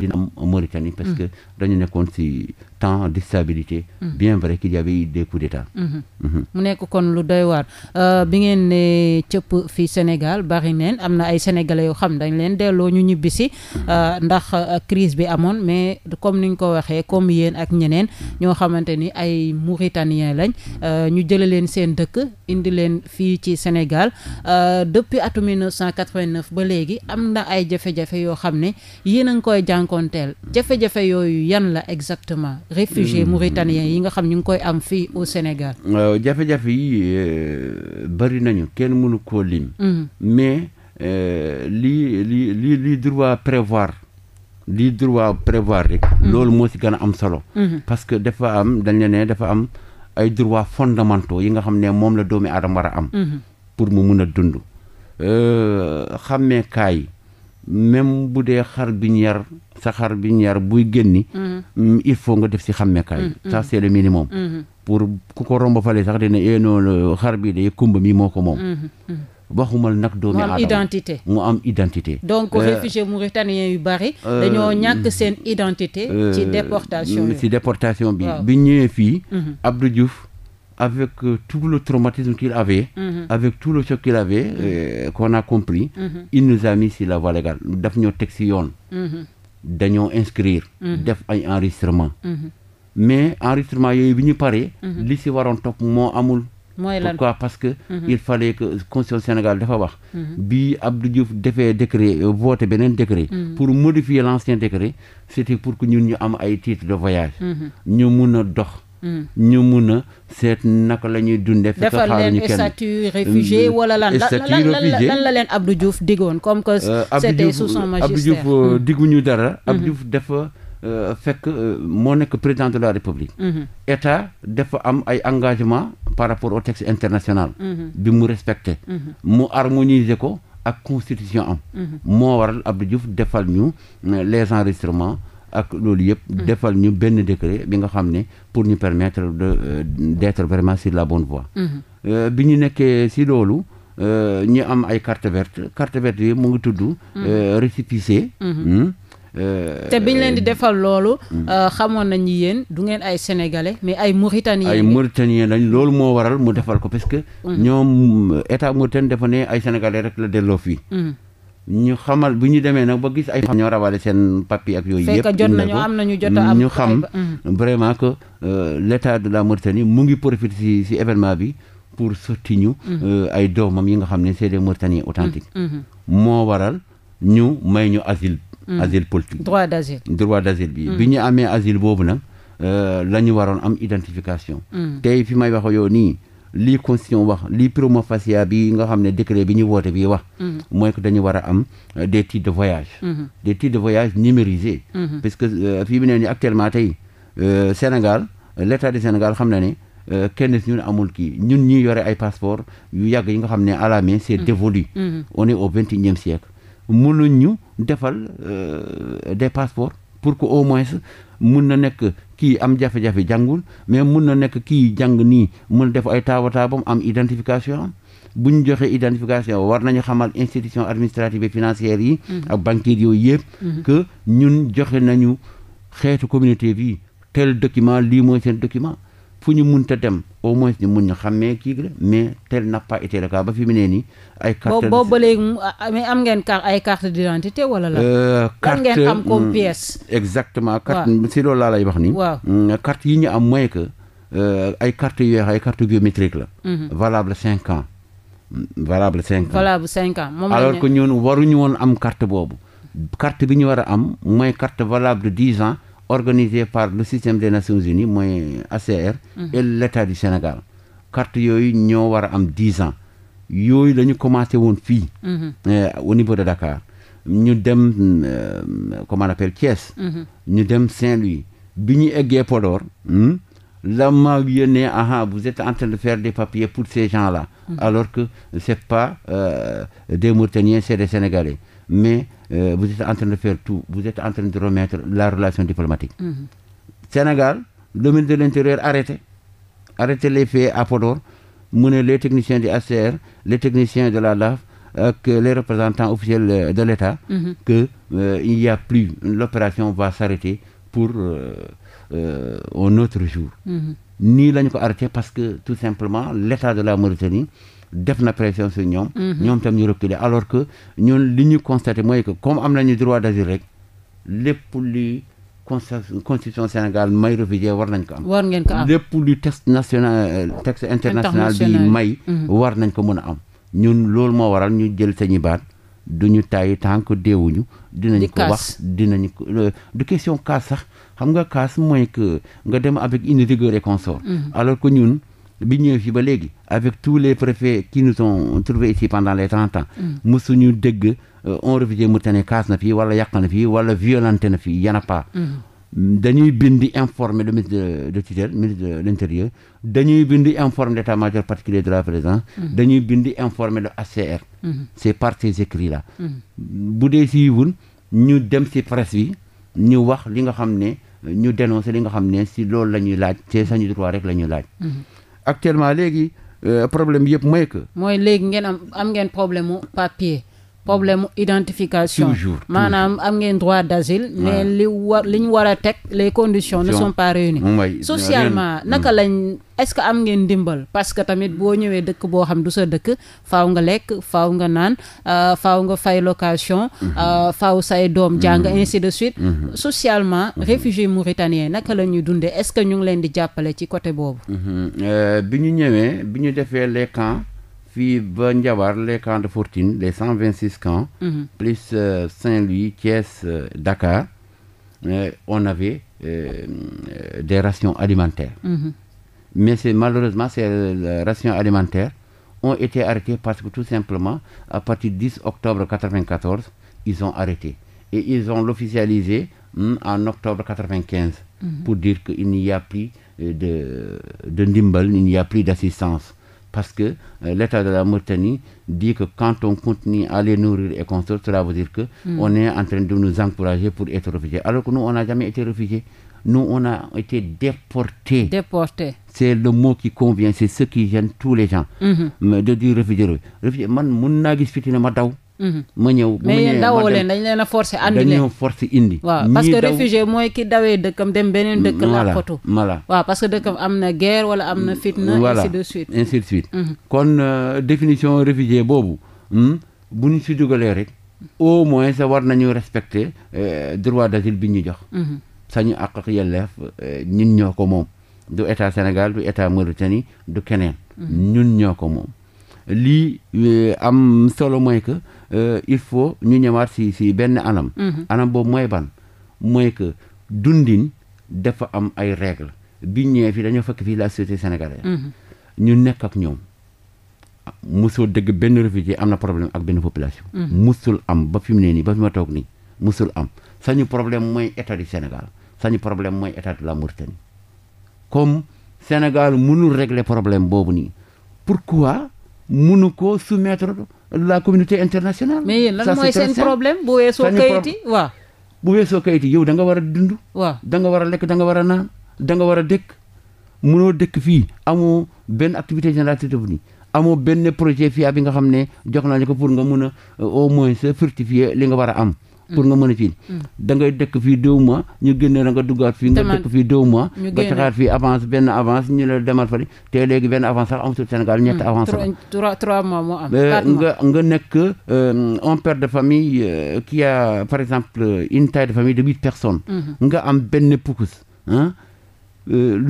dina am parce mhm. que dañu nekkoon si temps d'instabilité mhm. bien vrai qu'il y avait eu des coups d'état mhm. Mhm. mu nekk kon lu doy waar euh, bi ngeen ne cëpp fii Sénégal bari neen am na ay sénégalais yoo xam dañ leen delloo ñu ñibbisi euh, ndax euh, crise bi amoon mais comme ni ñu ko waxee comme yéen ak ñeneen ñoo xamante ni ay mauritanien lañ ñu jële leen seen dëkk indi leen fii ci Sénégal depuis atum 1989 ba léegi am na ay jafe-jafe yoo xam ne yéen a ngi koy jànkoonteel jafe-jafe yooyu yan la exactement réfugiés hmm. mauritaniens yi nga xam ñu ngi koy am fii au Sénégal. waaw euh, jafe-jafe yi euh, bari nañu kenn mënu koo lim. Hmm. mais euh, li li li li droit prévoir. li droit prévoir rek. Hmm. loolu moo si gën a am solo. parce que dafa am dañ ne dafa am ay droits fondamentaux yi nga xam ne moom la doomi aadama war a am. pour mu mun a dund. xàmmeekaay. même bu dee xar bi ñu yar sa xar bi ñu yar buy génni mm-hmm. mm, il faut nga def si xàmmeekaay mm-hmm. ça c'est le minimum mm-hmm. pour ku ko romb fale sax dina eenoo eh xar bi day kumba mi moo ko moom waxumal nag doomi aadama mu am identité mu am identité. donc euh, réfugiés mauritaniens yu bari. Euh, dañoo ñàkk seen identité. Euh, mm, ci déportation bi déportation bi. bi ñëwee fii. Abdou Diouf. avec euh, tout le traumatisme qu'il avait, mm -hmm. avec tout le choc qu'il avait, mm -hmm. a compris, mhm. il nous a mis sur la voie légale. daf ñoo teg si yoon. Mhm. dañoo inscrire. Mhm. def ay enregistrement. mais enregistrement yooyu bi ñu paree. li si waroon topp moo amul. mooy lan pourquoi parce que. Mm -hmm. il fallait que constitution Sénégal dafa wax. Mm -hmm. bi Abdou defee décret euh, voté beneen décret. pour modifier l' ancien décret. pour que ñun ñu am ay titre de voyage. ñu mun a dox. ñu mun a seet naka la ñuy dundee. fekk xaaruñu kenn defal leen statut réfugié mm, wala lan. lan la leen Abdou Diouf diggoon comme que. Euh, c'était sous son euh, magistère euh, mm-hmm. mm-hmm. Abdou Diouf digguñu dara. Abdou Diouf fekk moo nekk président de la république. Mm-hmm. état dafa am ay engagement par rapport au texte international. bi mu respecté. mu harmoniser ko ak constitution am. moo waral Abdou defal ñu les enregistrements. ak loolu yëpp mm. defal ñu benn décret bi nga xam ne pour ñu permettre de euh, detre vraiment si la bonne voie mm-hmm. euh, bi ñu nekkee si loolu euh, ñu am ay carte verte carte verte yi mu ngi tudd mm-hmm. récépissé mm-hmm. hmm? te bi leen di defal loolu mm. xamoon nañ ni yéen du ngeen ay sénégalais mais ay mauritaniens ay mauritaniens lañ loolu moo waral mu defal ko parce que mm. ñoom état mauritanien dafa ne ay sénégalais rek la delloo fii ñu xamal bu ñu demee nag ba gis ay xam ñoo rawale seen papier ak yooyu yëpp jot nañu am nañu jot a am ñu xam mhm. vraiment que euh, l' état de la Mauritanie mu ngi profité si si événement bi pour sotti ñu mhm. euh, ay doomam yi nga xam ne c' est des Mauritaniens authentiques mhm, moo waral ñu may ñu asile asile politique droit d' asile droit d' asile bi bi ñu amee asile boobu nag euh, la ñu waroon am identification tey fi may wax yow nii lii constitution wax lii prima facie bi nga xam ne décret bi ñu woote bi wax mhm. mooy que dañu war am euh, des titres de voyage mhm. des titres de voyage numérisés mhm. parce que euh, fii bi ne ni actuellement tey euh, Sénégal l'état du Sénégal xam na ni kenn si ñun amul kii ñun ñuy yore ay passeport yu yàgg yi nga xam ne à la main c'est dévolu on au vingt et unième siècle ñu defal de passeports pour que au moins mun na nekk kii am jafe-jafe jàngul mais mun na nekk kii jàng nii mun def ay taabataabam am identification bu ñu joxee identification war nañu xamal institution administrative et financière yi. Mm-hmm. ak banquiers yooyu yëpp. Mm-hmm. que ñun joxe nañu xeetu communauté bi tel document lii mooy seen document. fu ñu munta dem au moins ñu mun ñu xàmmee kii la mais tel n'a pas été le fi mu nee nii. ay carte ba ah, euh, am ngeen carte ay carte d'identité wala la. carte am comme hmm, pièce. exactement carte si loolu laa lay wax nii. waaw hmm, yi ñu am mooy que euh, ay carte yu weex ay carte biométrique la. Mhm. valable cinq ans. valable cinq ans valable cinq que ñun waruñu woon am carte boobu. carte bi ñu war a am mooy carte valable de ans. organisé par le système des Nations Unies mooy ACR. Mhm. et l' état du Sénégal. carte yooyu ñoo war a am dix ans yooyu lañu ñu commencé woon fii. Mhm. Euh, au niveau de Dakar ñu dem euh, comment on appelle Thiès. Mhm. ñu dem saint bi ñu eggee Podor. Hmm, la ma yónnee aha vous êtes en de faire des papiers pour ces gens-là. alors que c' est pas euh, des Mauritaniens c' est des Sénégalais euh, vous êtes en train de faire tout vous êtes en de remettre la relation diplomatique mmh. Sénégal le de l'intérieur arrêté arrêté les faits à Podor mu ne les techniciens du HCR les techniciens de la les représentants officiels euh, de l'État mm-hmm. que euh, il y a plus l'opération va s'arrêter pour euh, euh autre jour mm-hmm. nii la ñu ko arrêté parce que tout simplement l'État de la Mauritanie def na pression sur ñoom. Mhm. ñoom tam ñu reculer alors que ñun li ñu constaté mooy que comme am nañu droit d'asile rek lépp li constitution Sénégal may réfugié war nañ ko am. war ngeen ko am lépp lu texte national euh, texte international bi may. Mhm. war nañ ko mën a am. ñun loolu moo waral ñu jël sañu baat du ñu tàyyi tànk deewuñu. dinañu ko wax dinañ ko euh, du question cas sax xam nga cas mooy que nga dem avec une rigueur et consort. Mhm. alors que ñun. bi ñëwee fii ba léegi avec tous les préfets qui nous ont trouvé ici pendant les trente ans musuñu mm. dégg on euh, mu tane kaas na fii wala yàq na fii wala violenté na fii yana pas mm. dañuy bindi informer le ministre de tutelle ministre de l'intérieur dañuy bind informer l'état-major particulier de la présidence mm. dañuy bindi informer le HCR c'est par ces écrits là bu dee si yiwul ñu dem si presse bi ñu wax li nga xam ne ñu dénoncer li nga xam ne si loolu la ñuy laaj c'est sañu droit rek la actuellement léegi euh, problème yëpp mooy que. mooy léegi ngeen am am ngeen problème mu papier. problème identification. toujours maanaam am ngeen droit d'asile. mais li war li ñu war a teg les conditions ne sont pas réunies. socialement naka hmm. lañ est-ce que am ngeen ndimbal. parce que tamit boo ñëwee dëkk boo xam du sa dëkk faw nga lekk faw nga naan euh, faw nga fay location. Hmm. Euh, faw say doom hmm. jàng ainsi de suite. socialement réfugiés mauritaniens naka la ñuy dundee est-ce que ñu ngi leen di jàppale ci côté boobu. Euh, bi ñu ñëwee bi ñu defee les fii ba Ndiawar les camps de fortune les cent vingt six camps. Mhm. plus euh, Saint-Louis Thiès euh, Dakar euh, on avait euh, des rations alimentaires. Mmh. mais c'est malheureusement ces rations alimentaires ont été arrêtées parce que tout simplement à partir du octobre 94 ils ont arrêté et ils ont l'officialisé hmm, en octobre 95. Mmh. pour dire qu'il n'y a plus de de ndimbal il n'y a plus d'assistance. parce que euh, l'État de la Mauritanie dit que quand continue à les et construire, cela veut dire que hmm. on est en train de nous pour être réfugiés. Alors que nous, on n'a jamais été réfugiés. Nous, on a été déportés. Déportés. le mot qui convient, c'est ce qui gêne tous les gens. Hmm. De dire réfugié. Réfugié, man mun naa gis ma daw. Mhm. ma ñëw bu ma ñëwee dawoo leen dañ leen a forcé andi leen forcé indi. waaw parce que réfugié mooy ki dawee dëkkam dem beneen dëkk. làqatu parce que dëkkam am na guerre wala am na fitna. ainsi de suite ainsi de mhm. kon euh, définition réfugié boobu hmm, bu ñu si dugalee rek au moins war nañu respecter euh, droit d'asile bi ñu jox. Mhm. sañu àq ak yelleef euh, ñun ñoo ko moom du état Sénégal du état Mauritanie du keneen. ñun ñoo ko moom. lii euh, am solo mooy que euh, il faut ñu ñëwaat si si benn anam. Mhm. anam boobu mooy ban mooy que dundin dafa am ay règles bi ñëwee fii dañoo fekk fii la société sénégalaise. Mhm. ñu nekk ak ñoom. musul dëgg benn réfugié am na problème ak benn population. musul mhm. am ba fi mu ne nii ba fi ma toog nii musul am sañu problème mooy état du Sénégal sañu problème mooy état de la Mauritanie comme Sénégal mënul régler problème boobu nii pourquoi. munu ko soumettre la communauté internationale. mais yéen lan mooy seen problème bu weesoo kayit yi bu weesoo kayit yi yow da nga war a dund. waa da nga war a lekk da nga war a naan da nga war a dëkk. munoo dëkk fii amoo benn activité génératrice bu nii amoo benn projet fii bi nga xam ne jox nañu ko pour nga mun a euh, au moins certifier li nga war a am. pour nga mën a ci mm. da dëkk fii deux mois ñu génne la nga duggaat fii nga dëkk fii deux mois nga taxaat fii avance benn avance ñu la demal fari te benn avance sax amatul Sénégal ñetti mm. avance la euh, nga nga nekk euh, un per de famille euh, qui a par exemple une taille de famille de huit personnes mm-hmm. nga am benn pukus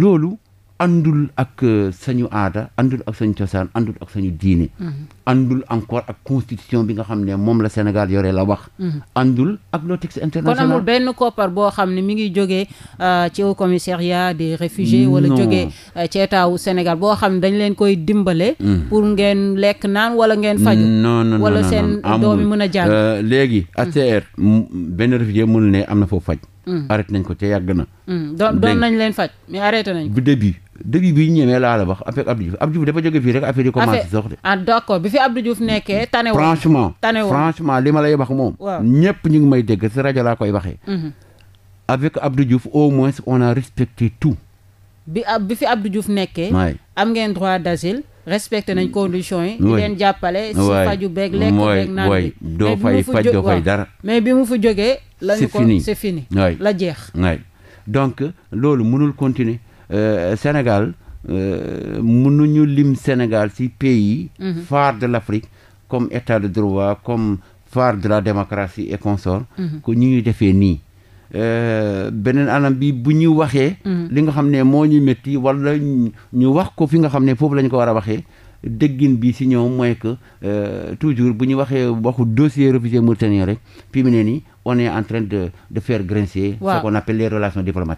loolu àndul ak euh, sañu aada àndul ak sañu cosaan àndul ak sañu diine mm-hmm. àndul encore ak constitution bi nga xam ne moom la Sénégal yore la wax mm-hmm. àndul ak loo texte international kon amul benn koppar boo xam ne mu ngi jógee euh, ci au commissariat des réfugiés wala jógee euh, ci étatu Sénégal boo xam ne dañ leen koy dimbale mm. pour ngeen lekk naan wala ngeen faju non non wala seen doomi mën a jàng léegi mm. ACR benn réfugié mënul ne am na foofu faj mm. arrêté nañ ko te yàgg na doon nañ leen faj début bi ñu ñemee laa la wax après Abdou Diouf Abdou Diouf dafa jóge fii rek affaire yi commencé sox de ah nekkee tane woon franchement tane woon franchement li ma lay wax moom ñëpp ñu ngi may dégg si rajo laa koy waxee mhm. avec Abdou Diouf au moins on a respecté tout bi ab ah, bi fi Abdou Diouf nekkee am ngeen droit d'asile respecté nañ conditions yi. di leen jàppale. si faju beeg lekk beeg naan bi doo fay faj doo fay dara. mais bi mu fi jógee. lañu ko c'est fini la jeex. donc loolu mënul continuer. Euh, Sénégal euh, mënuñu lim Sénégal ci pays. Mhm. phare de l'Afrique comme état de droit comme phare de la démocratie et consort ko mhm. ñu ngi defee nii. Euh, beneen anam bi bu ñu waxee. Mhm. li nga xam ne moo ñu métti wala ñu wax ko fi nga xam ne foofu la ko war a waxee. déggin bi si ñoom mooy que toujours bu ñu waxee waxu dossier réfugié mauritanien rek fi mu ne nii on est en train de de faire grincer. waaw ce qu'on appelle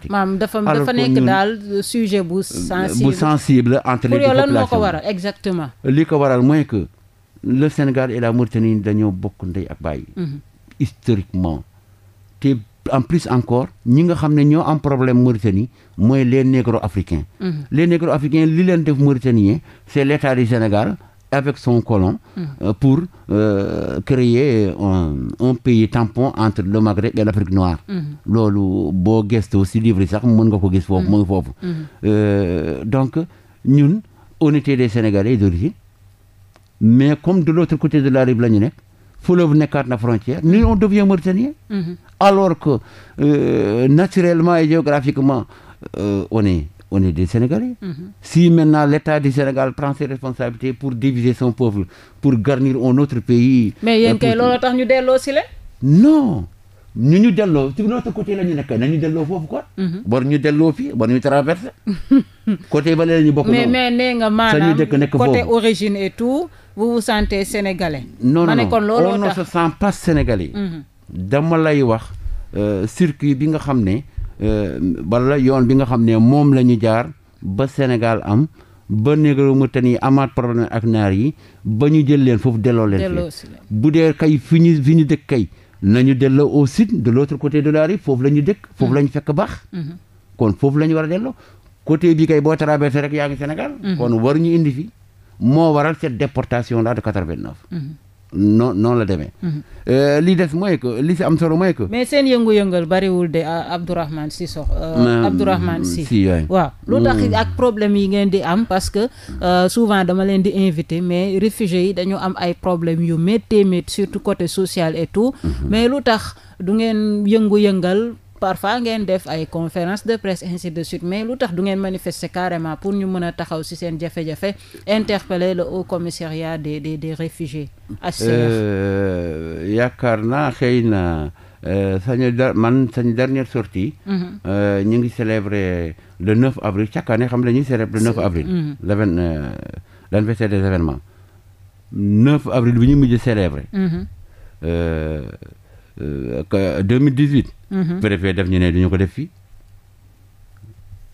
maam dafa nekk daal sujet bu. sensible bu sensible entre les deux populations lan moo ko waral exactement. li ko waral mooy que le Sénégal et la Mauritanie dañoo bokk ndey ak baay. Mhm. historiquement te. en plus encore ñi nga xam ne ñoo am problème Mauritanie mooy les négro africains. Mm -hmm. les négro li leen def Mauritaniens c' est l' état du avec son colon euh, pour euh, créer un, un, pays tampon entre le Maghreb et l'Afrique noire loolu boo gëstoo si livre yi sax mën nga ko gis foofu mooy foofu euh, donc ñun on était des Sénégalais d'origine mais comme de l'autre côté de la rive la ñu nekk fleuve nekkaat na frontière nous on devient mauritanien alors que euh, naturellement et géographiquement euh, on on est des Sénégalais. Mm -hmm. Si maintenant l'État du Sénégal prend ses responsabilités pour diviser son peuple, pour garnir un autre pays. mais yéen euh, kay loolu tax ñu delloo si leen. non ñu ñu delloo ci notre côté la ñu nekk nañu delloo foofu quoi. war mhm. ñu delloo fii war ñu traversé. [LAUGHS] côté ba léegi ñu bokk. mais mais nee nga maanaam côté origine et tout. vous vous sentez sénégalais. non non on ne se sent pas sénégalais. Mhm. dama lay wax euh, circuit bi nga xam ne. Euh, wala yoon bi nga xam ne moom la ñu jaar ba Sénégal am ba négro ma ten yi amaat problème ak naar yi ba ñu jël leen foofu delloo leen fi bu dee kay fi ñu fi ñu dëkk kay nañu delloo au sud de l' autre côté de la foofu la ñu dëkk foofu la fekk baax mhm. kon foofu lañu war a delloo côté bi kay boo traversé rek yaa ngi Sénégal mhm. kon war ñu indi fi moo waral cette déportation là de 89 non noonu la demee. Mhm. Euh, li des mooy que li si am solo mooy que. mais seen yëngu-yëngal bariwul de euh, Abdourahmane euh, si sox. Abdourahmane si si waaw. lu tax mm. ak problème yi ngeen di am parce que souvent dama leen di invité mais réfugiés yi dañu am ay problèmes yu méttee métti surtout coté social et tout. Mhm. mais lu tax du ngeen yëngu-yëngal. parfois ngeen def ay conférence de presse ainsi de suite mais lu tax du ngeen manifester carrément pour ñu mën a taxaw ci seen jafe-jafe interpeller la haut commissariat des des des réfugiés HCR euh, yaakaar naa xëy na euh, sañu da man sañu dernière sortie mhm. euh, ñu ngi célébrer le 9 avril chaque année xam la ñuy célébrer le 9 avril mhm. l'avèn l'anniversaire des événements 9 avril bi ñu mujj préfet mhm. def ñu ne du ñu ko def fii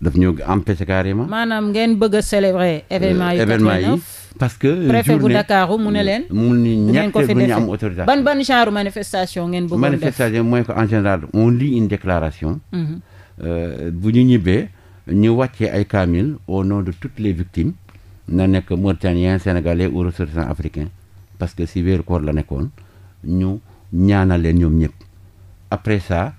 daf ñu empêché ma maanaam ngeen bëgg a célébrer. Euh, événement yi parce que. Euh, journée bu Dakar mu ne leen. mu ne ñàkk ko ñu am autorisation. ban ban genre manifestation ngeen bëgg def mooy que en général on lit une déclaration. Mhm. Euh, bu ñu ñibbee ñu wàccee ay kaamil au nom de toutes les victimes na nekk mauritanien sénégalais ou ressortissant africain parce que si weeru koor la nekkoon ñu ñaana leen ñoom ñëpp après ça.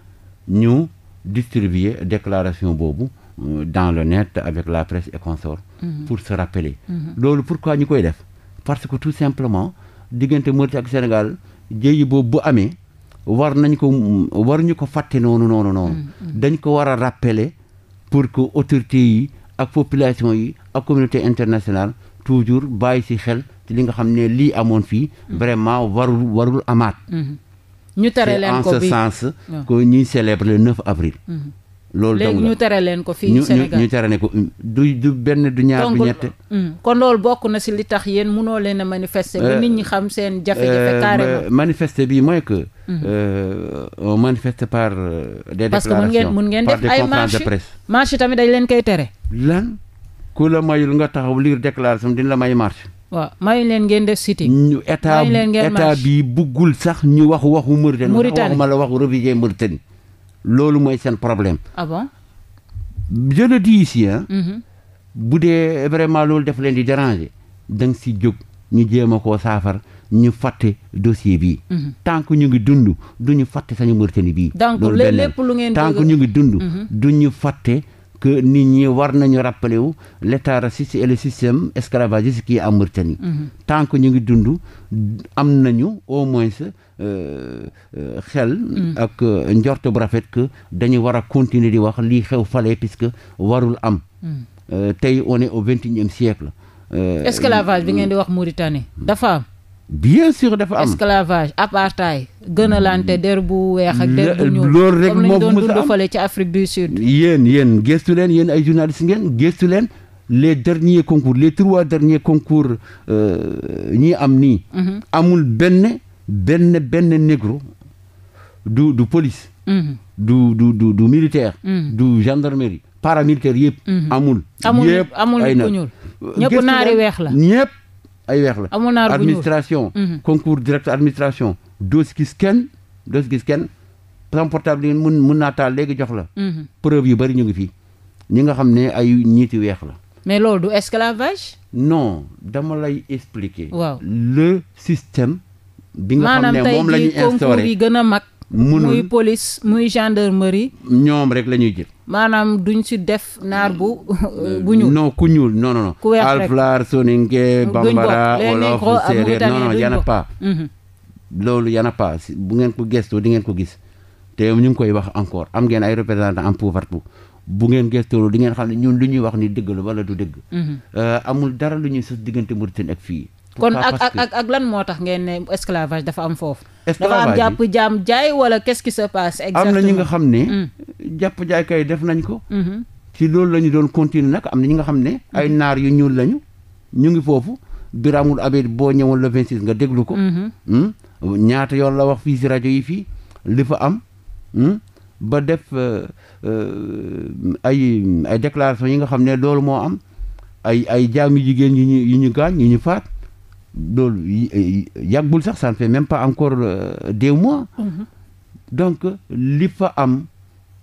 ñu distribuer déclaration boobu euh, dans le net avec la presse et consort mhm. pour se pour mhm. loolu pourquoi ñu koy def parce que tout simplement diggante Mauritanie ak Sénégal jéeyi boobu bu amee war nañ ko war ko fàtte noonu noonu noonu mhm, dañ ko war a pour que autorités yi ak population yi ak communauté internationale toujours bàyyi si xel ci li nga xam ne lii amoon fii vraiment warul warul amaat ñu tere leen ko bi en ce sens que ñuy célèbre le 9 avril. Mm-hmm. loolu léegi ñu tere leen ko fii Sénégal ñu tere ne ko du du benn du ñaar du ñett. Mm, kon loolu bokk na si li tax yéen munoo leen a manifester. ba euh, nit ñi xam seen jafe-jafe euh, carrément. manifester bi mooy que. Mm-hmm. Euh, on manifeste par des déclarations. parce que mun ngeen mun ngeen def ay marches marche tamit dañ leen koy tere. lan ku la mayul nga taxaw lire déclaration dina la may marche. waaw mayu leen ngeen def sitting ñu état état bi buggul sax ñu wax waxu Mauritanie waxuma la waxu réfugié Mauritanie loolu mooy seen problème ah bon je le dis mm-hmm. bu dee vraiment loolu daf leen di déranger da si jóg ñu jéem a koo saafar ñu fàtte dossier bii. Mm-hmm. tànk ñu ngi dund du ñu fàtte sañu Mauritanie bii. donc lépp lu ngeen tant ñu ngi dund. Mm-hmm. du ñu fàtte que nit ñi war nañu rappelé wu l' état raciste kii le système esclavagiste mm-hmm. tant que ñu ngi dundu am nañu au moins euh, euh, xel. Mm-hmm. ak euh, njort bu rafet que dañu war a continuer di wax li xew fale puisque warul am. Mm-hmm. tey on au vingt et unième esclavage bi ngeen di wax Mauritanie dafa am. bien sûr dafa am esclavage apartheid gënalante der bu weex ak der bu ñuul loolu rek moo doon dund fale ci Afrique du Sud yéen yéen gëstu leen yéen ay journaliste ngeen gëstu leen les derniers concours les trois derniers concours euh, ñi am nii mhm. amul benn benn benn négro du du police mhm. du militaire mhm. du gendarmerie paramilitaire yëpp amul amul amul ku ñuul ñëpp naari weex la ay weex la administration mhm. concours direct administration doo si gis kenn doo si gis kenn sam portable yi mun mun naa taal léegi jox la mhm. preuve yu bari ñu ngi fii ñi nga xam ne ay ñiiti weex la mais loolu du esclavage no dama lay expliquer waaw le système bi nga xam ne moom la ñu yi gën a mag mënul muy police muy gendarmerie. ñoom rek la ñuy jël. maanaam duñ si def naar bu euh, bu ñuul. non ku ñuul non non non. ku weex rek alpulaar soninke bambara wolof séeréer non mhm. loolu y en a bu ngeen ko gëstoo di ngeen ko gis te ñu ngi koy wax encore am ngeen ay représentants en pouvoir tout bu ngeen gëstoo di ngeen xam ne ñun lu ñuy wax ni dëgg la wala du dëgg. Mhm. Euh, amul dara lu ñuy sos diggante Mauritanie ak fii. kon ak ak ak lan moo tax ngeen ne esclavage dafa am foofu. dafa am jàpp jaam jaay wala qu'est-ce qui se passe. exactement am na ñi nga xam ne. Hmm. jàpp jaay kay def nañ ko. Hmm. ci loolu la doon continuer nag am na ñi nga xam ne. ay hmm. naar yu ñuul lañu. ñu ngi foofu Biramul Abed boo ñëwoon le 26 nga déglu ko. ñaata yoon la wax fii si rajo yi fii li fa am. ba def euh, euh, ay ay déclaration yi nga xam ne loolu moo am ay ay jaamu jigéen yu ñu yu ñu gaañ yu ñu faat. loolu yàggul sax ça ne fait même pas encore euh, deux mois. Mhm. donc li fa am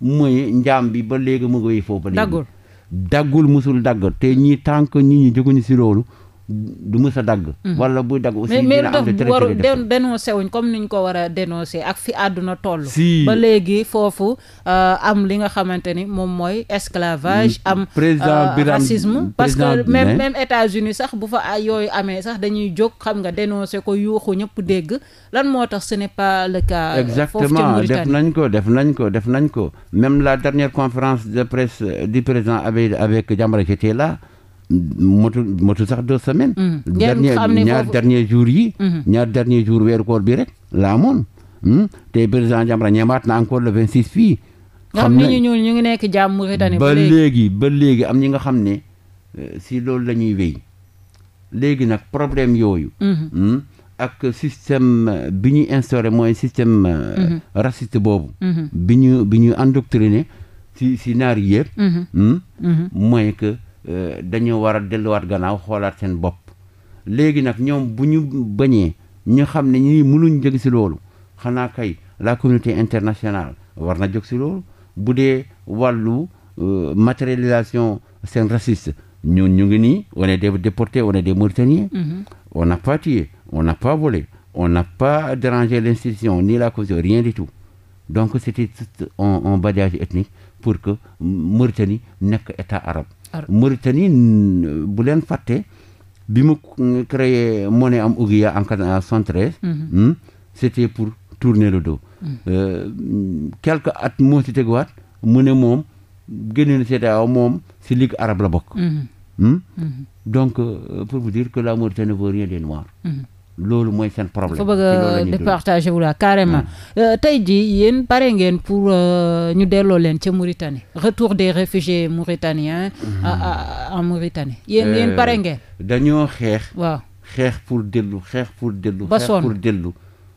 mooy njaam bi ba léegi mu ngi foofu. daggul daggul musul dagg te ñii tant que ñi ñu jóguñu si loolu. du mës a dagg. Mhm. wala buy dagg aussi. dina am mais waru dénoncé wuñ comme ñu ko war a ak fi àdduna toll. si ba léegi foofu euh, am li nga xamante ni moom mooy esclavage. Mm. am président euh, racisme parce que même même États-Unis sax bu fa yooyu amee sax dañuy jóg xam nga dénoncé ko yuuxu ñëpp dégg lan moo tax ce n'est pas le cas. Euh, exactement def nañ ko def nañ ko def nañ ko même la dernière conférence de presse du président avec avec Diambara j'étais là. motul motul sax deux semaines. Mm. dernier ñaar dernier jour yi. Mm. ñaar dernier jour weeru koor bi rek la amoon. Mm. te président Jamra ñemaat na encore le 26 fii. xam ne ñu ngi nekk jàmm Mauritanie ba léegi ba léegi am ñi nga xam ne euh, si loolu lañuy ñuy léegi nag problème yooyu. Mm-hmm. ak système euh, bi ñuy instauré mooy système. Euh, mm-hmm. raciste boobu. Mm-hmm. bi ñu bi ñu endoctriné si si naar yëpp. mooy que. Euh, dañu war a delluwaat gannaaw xoolaat seen bopp léegi nag ñoom bu ñu bañee ñu xam ne ñii mënuñ jóg si loolu xanaa kay la communauté internationale war na jóg si bu dee wàllu euh, matérialisation seen raciste ñun ñu ngi nii on est des déportés on est des Mauritaniens. Mhm. on n'a pas tué on n'a pas volé on n'a pas dérangé l'institution ni la cause rien du tout donc c'était un un badage ethnique pour que Mauritanie nekk état arabe. Mauritanie bu leen fàtte bi mu créé monnaie am ouguiya en 1973. Mhm. Hmm, c'était pour tourner le dos. Mhm. Euh, quelque at moo ci mu ne moom génn na CEDEAO moom ci ligue arabe la bokk. Mhm. Hmm? donc euh, pour vous dire que la Mauritanie ne rien des Noirs. loolu mooy seen problème. fa bëgg a départager wu la carrément. Hmm. Euh, tey jii yéen pare ngeen pour euh, ñu delloo leen ca Mauritanie retour des réfugiés mauritaniens. en Mauritanie. yéen yéen euh, dañoo xeex. waaw xeex pour dellu xeex pour dellu. ba xeex pour dellu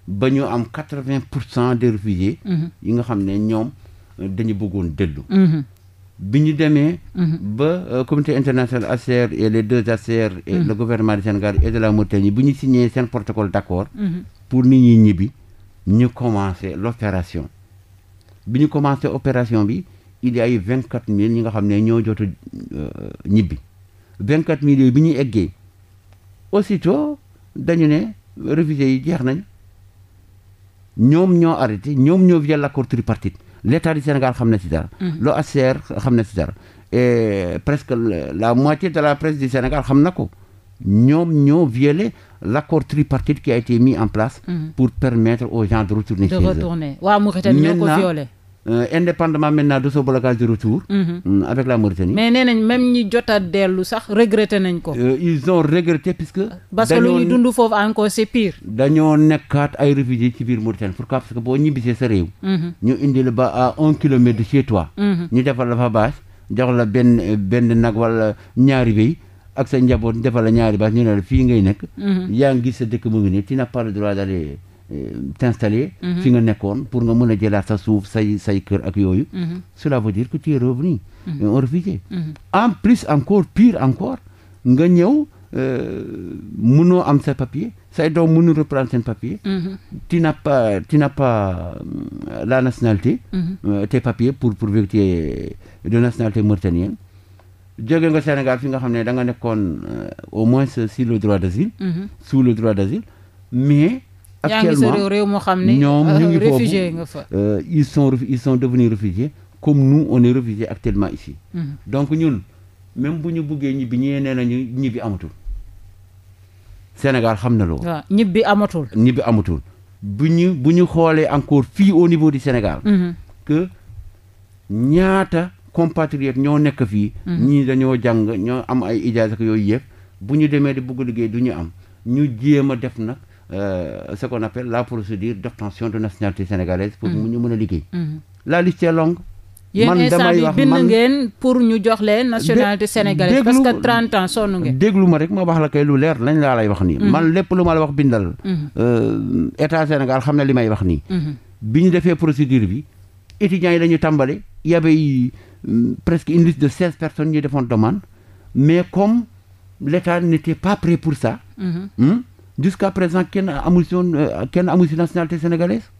ba ñu am quatre-vingts pour cent des réfugiés. Mhm. yi nga xam ne ñoom dañu bëggoon dellu. Mhm. bi ñu demee. Mhm. ba euh, communauté internationale ACR et les deux ACR. et mhm. le gouvernement du Sénégal et de la Mauritanie bi ñu signé seen protocole d' mhm. pour nit ñi ñibbi ñu commencé l' opération. bi ñu commencé opération bi il y a eu vingt quatre mille ñi nga xam ne ñoo jot euh, ñibbi vingt quatre mille yooyu bi ñu eggee aussitôt dañu ne révisé yi jeex nañ ñoom ñoo arrêté ñoom ñoo via l' accord tripartite. l' état du Sénégal xam na ci dara. Mm-hmm. l'OACR xam na si dara. et presque la moitié de la presse du Sénégal xam na ko ñoom ñoo violé l' accord tripartite qui a été mis en place. Mm-hmm. pour permettre aux gens de retourner. de retourner waaw Mauritanie ñoo ko violé. Euh, indépendamment maintenant de ce blocage de retour. Mhm. Euh, avec la Mauritanie. mais nee nañ même ñi jot a dellu sax regretté nañ ko. Euh, ils ont regretté puisque. parce que lu ñu dund foofu encore c'est pire. dañoo nekkaat ay réfugiés ci biir Mauritanie pourquoi parce que boo ñibbisee sa réew. Mhm. ñu indi la ba à un kilomètre de chez mhm. ñu defal la ñaari baas ñu ne la fii ngay nekk. yaa ngi sa dëkk mu ngi ne tu n'as pas droit d'aller Euh, t'installer mhm. fi nga nekkoon pour nga mën a jëlaat sa suuf ak yooyu mhm. cela veut dire que tu mhm. euh, encore pire encore nga ñëw euh, mënoo am sa papier say doom mënu reprendre seen papier tu la nationalité tes papiers pour pour vérifier de nationalité mauritanienne jóge nga Sénégal fi nga xam ne danga nekkoon au moins sur le droit d'asile sous le droit d'asile mais actuellement ñoom ñu ngi euh, foofu euh, ils sont ils sont devenus réfugiés comme nous on est réfugiés actuellement ici. Mm -hmm. donc ñun même bu ñu buggee ñibbi ñee nee nañu ñibbi amatul. Sénégal xam na loolu. waaw ñibbi amatul. ñibbi amatul bu ñu bu ñu xoolee encore fii au niveau de Sénégal. Mm-hmm. que ñaata compatriotes ñoo nekk fii. Mm-hmm. ñii dañoo jàng ñoo am ay ijaasa ak yooyu yëpp bu ñu demee di bugg liggéey du ñu am ñu jéem a def nag. euh, ce qu'on appelle la procédure d'obtention de nationalité sénégalaise pour mu mm-hmm. ñu mën a liggéey mm-hmm. la liste est longue man damay wax bind ngeen pour ñu jox leen nationalité sénégalaise parce que 30 ans sonn ngeen déglu ma rek ma wax la kay lu leer lañ laa lay wax nii mm-hmm. man lépp lu ma la wax bindal euh, état Sénégal xam na li may wax nii bi ñu defee procédure bi étudiants yi la ñu tàmbale y avait euh, presque une liste de seize personnes ñu defoon demande mais comme l' état pas prêt pour ça. Hmm, jusqu'à présent kenn amul si woon euh, kenn amul si nationalité sénégalaise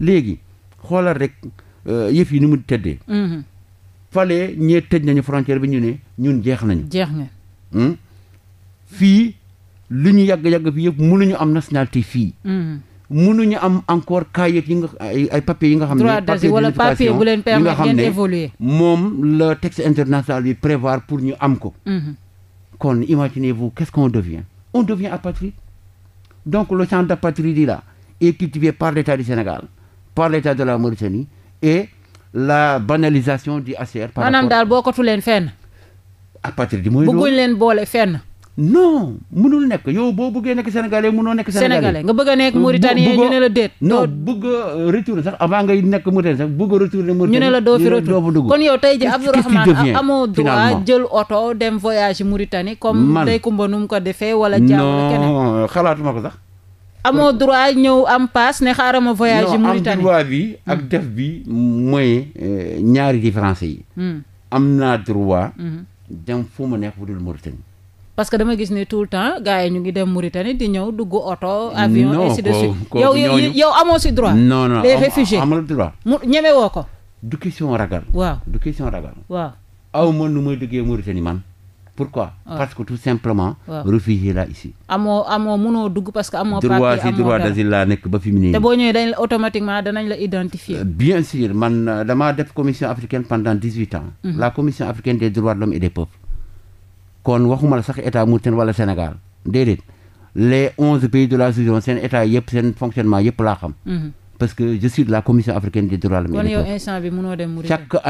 léegi xoolal rek euh, yëf yi ni mu tëddee. Mhm. fale ñee tëj nañu frontière bi ñu ne ñun jeex nañu. jeex na. Hmm? fii lu ñu yàgg yàgg fii yëpp mënuñu am nationalité fii. Mhm. mënuñu am encore cahier yi nga ay ay papier yi nga xam ne. papier wala papier bu leen permettre ngeen évoluer moom la texte international bi prévoir pour ñu am ko. Mhm. kon imaginez-vous qu'est-ce qu'on devient on devient apatride. Donc le champ d'apatridie la est cultivé par l'État du Sénégal, par l'État de la Mauritanie et la banalisation di ACR. par maanaam daal bokkatu leen fenn. apatridie mooy loolu bëgguñ leen boole fenn. non mënul nekk yow boo bëggee nekk sénégalais munoo nekk. sénégalais nga bëgg a nekk mauritanien ñu ne la déet. non bëgg a retourné sax avant ngay nekk mauritanien sax bëgg a retourné. ñu ne la doo fi retourné kon yow tey ji Abdourahmane amoo droit jël oto dem voyage Mauritanie. comme tey Kumba nu mu ko defee wala. jaamu keneen xalaatuma ko sax. amoo droit ñëw am paas ne xaaral ma voyage Mauritanie non am droit ak hmm. def bi mooy eh, ñaari différence yi. Hmm. am naa droit. Hmm. dem fu parce que dama gis ne tout le temps gars yi ñu ngi dem Mauritanie di ñëw dugg oto. avion ainsi de si droit. non non les réfugiés woo ko. du question ragal. waaw du question ragal. waaw aw ma nu may duggee Mauritanie man. pourquoi ah. parce que tout simplement. waaw réfugié euh, euh, def commission africaine pendant dix huit ans. Mm-hmm. la commission africaine des droits de l'homme et des kon waxuma la sax état Mauritanie wala Sénégal déedéet les onze pays de la sous-région seen état yëpp seen fonctionnement yëpp laa xam. Mhm. parce que je suis de la commission africaine des de l'homme. kon yow instant bi mënoo dem Mauritanie chaque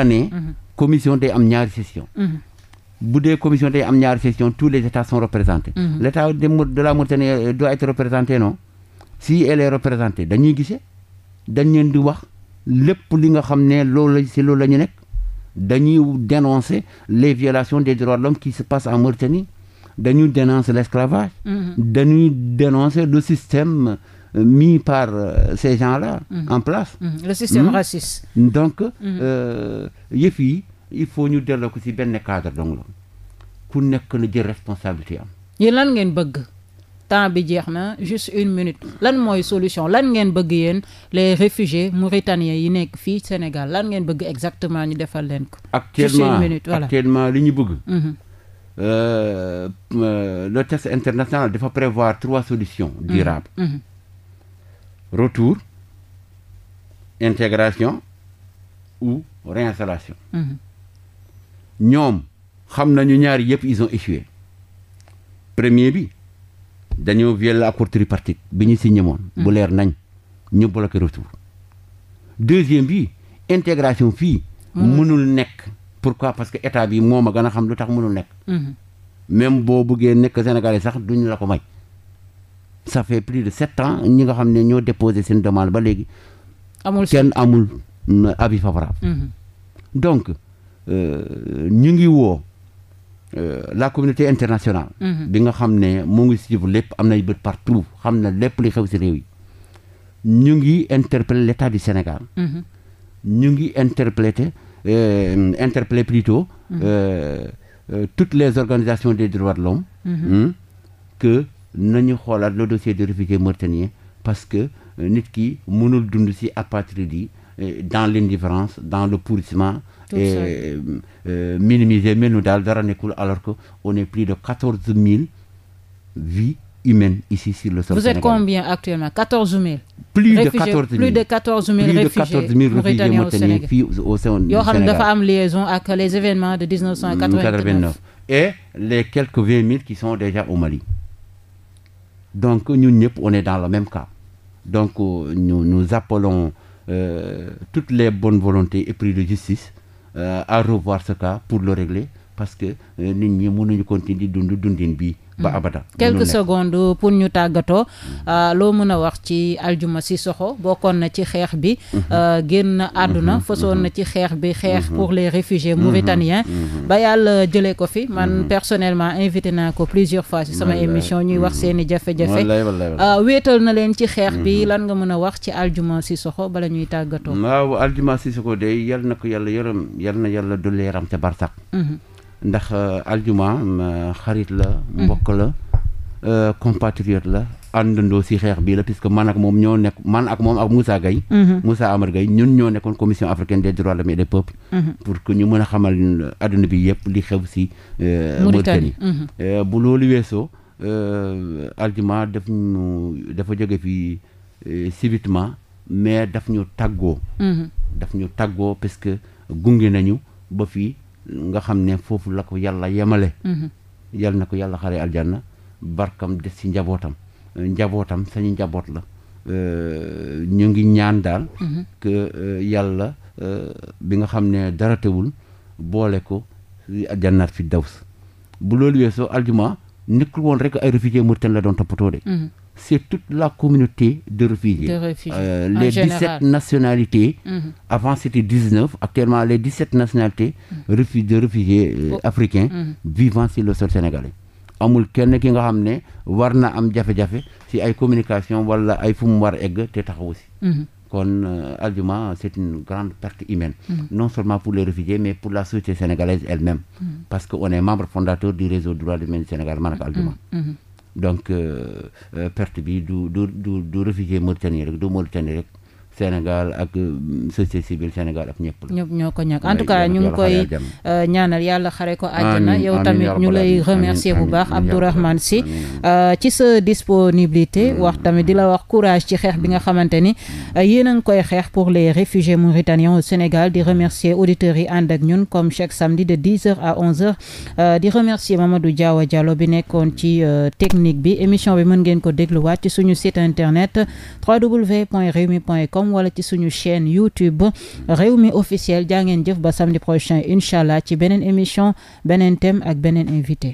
si elle est dañuy gisee dañ di wax lépp li nga xam ne loolu si loolu la nekk. dañuy dénoncer les violations des droits de l'homme qui se passent en Mauritanie dañuy dénoncer l'esclavage mhm. dañuy dénoncer le système euh, mis par euh, ces gens-là mhm. en place mhm. le système hmm? raciste donc euh, yëf yi il faut ñu delloo ko ci benn cadre donc la ku nekk na jël responsabilité am temps bi jeex na juste une minute lan mooy solution lan ngeen bëgg yéen les réfugiés mauritaniens yi nekk fii Sénégal lan ngeen bëgg exactement ñu defal leen ko. juste une minute voilà actuellement li ñu bëgg. Mhm. Euh, euh, le test international dafa prévoir trois solutions mhm. durables. Mm intégration ou réinstallation. Mhm. ñoom xam nañu ñaari yëpp ils ont premier bi. dañoo violé accord tripartite bi ñu si woon. bu mm. leer nañ ñu bloqué retour. deuxième bi intégration fii. Mm. mënul nekk. pour pourquoi parce que état bi moom a gën a xam lu tax mënul nekk. Mm-hmm. même boo bëggee nekk Sénégalais sax duñu la ko may. ça fait plus de sept ans ñi nga xam ne ñoo déposé seen demande ba léegi. amul kenn amul avis favorable. Mm-hmm. donc euh, ñu ngi woo. Euh, la communauté internationale. Mhm. bi nga xam ne mu ngi suivre lépp am na bët partout xam na lépp li xew si réew ñu ngi interpeller l' état du Sénégal. Mhm. ñu ngi interpellé euh, interpellé plutôt. Mhm. Euh, toutes les organisations des droits de l'homme hmm, que nañu xoolaat le dossier de réfugié mauritanien parce que nit ki mënul dund si apatridie dans l' indifférence dans le pourrissement et euh, euh, minimiser mais nu daal dara nekkul alors que on est plus de quatorze mille vies humaines ici sur le sol sénégalais. vous êtes combien actuellement quatorze mille. plus de quatorze mille plus de quatorze mille réfugiés mauritaniens au Sénégal fii au Sénégal yoo xam ne dafa liaison ak les événements de 1989 et les quelques vingt mille qui sont déjà au Mali donc ñun ñëpp on est dans le même cas donc euh, nous nous appelons euh, toutes les bonnes volontés et prix de justice Euh, à revoir ce cas pour le régler parce que euh, nit ñi mënuñu continuer di dund dundin bi ba hmm. abada quelques secondes pour ñu tàggatoo hmm. ah, loo mën a wax ci aljuma si soxo bokkoon na ci xeex bi hmm. ah, génn àdduna fasoon na ci xeex bi xeex pour les réfugiés mauritaniens ba yàlla jëlee ko fi man personnellement invité naa ko plusieurs fois ci sama émission ñuy wax seeni jafe-jafe ah, wéetal na leen ci xeex bi lan nga mën a wax ci aljuma si soxo bala ñuy tàggatoo waaw aljuma si soxo day yal na ko yàlla yërëm yal na yàlla dolli yaram te ndax euh, aljuma euh, xarit la mm-hmm. mbokk la euh, compatriote la àndandoo si xeex bii la puisque man ak moom ñoo nekk man ak moom ak Moussa Gaye mm-hmm. Moussa Amar Gaye ñun ñoo nekkoon commission africaine des droits de l'homme et des mm-hmm. pour que ñu mën a xamal adduna bi yëpp li xew si Mauritanie bu loolu weesoo aljuma daf ñu dafa jóge fii civilement mais daf ñu tàggoo daf ñu tàggoo parce que gunge nañu ba fii nga xam ne foofu la ko yàlla yemale mm-hmm. yal na ko yàlla xare aljanna barkam des ci njabootam njabootam sañu njaboot la euh, ñu ngi ñaan daal mm-hmm. que euh, yàlla euh, bi nga xam ne dara tewul boole ko jannaat fi daws bu loolu weesoo aljuma nekkul woon rek ay réfugié mauritanien la doon toppatoo de mm-hmm. c'est toute la communauté de réfugiés. De réfugiés euh, les général. 17 nationalités, mmh. avant c'était 19, actuellement les 17 nationalités mmh. de réfugiés euh, oh. africains mmh. vivant sur le sol sénégalais. amul kenn ki nga xam ne war na am jafe-jafe si ay communication wala ay fu mu war egg te taxawu si. Mm-hmm. kon euh, Aljuma c'est une grande perte humaine. Mm-hmm. non seulement pour les réfugiés mais pour la société sénégalaise elle-même. Mm-hmm. parce que on est membre fondateur du réseau droits humains du Sénégal donc euh, euh, perte bi du du du du réfugié Mauritanie rek du Mauritanie rek. Sénégal ak mm, société civile Sénégal ñoo ko ñàkk en tout cas ñu ngi koy euh, ñaanal yàlla xare ko àjjana yow tamit ñu lay remercier bu baax Abdourahmane Sy euh, ci sa disponibilité mm. wax tamit di la wax courage ci xeex bi nga xamante ni mm. euh, yéen a ngi koy xeex pour les réfugiés mauritaniens au Sénégal di remercier auditeurs yi ànd ak ñun comme chaque samedi de 10h à 11h di remercier Mamadou Diawa Diallo bi nekkoon ci technique bi émission bi mën ngeen ko dégluwaat ci suñu site internet com wala ci suñu chaîne YouTube Rewmi officiel jaa ngeen jëf ba samedi prochain incha allah ci beneen émission beneen thème ak beneen invité.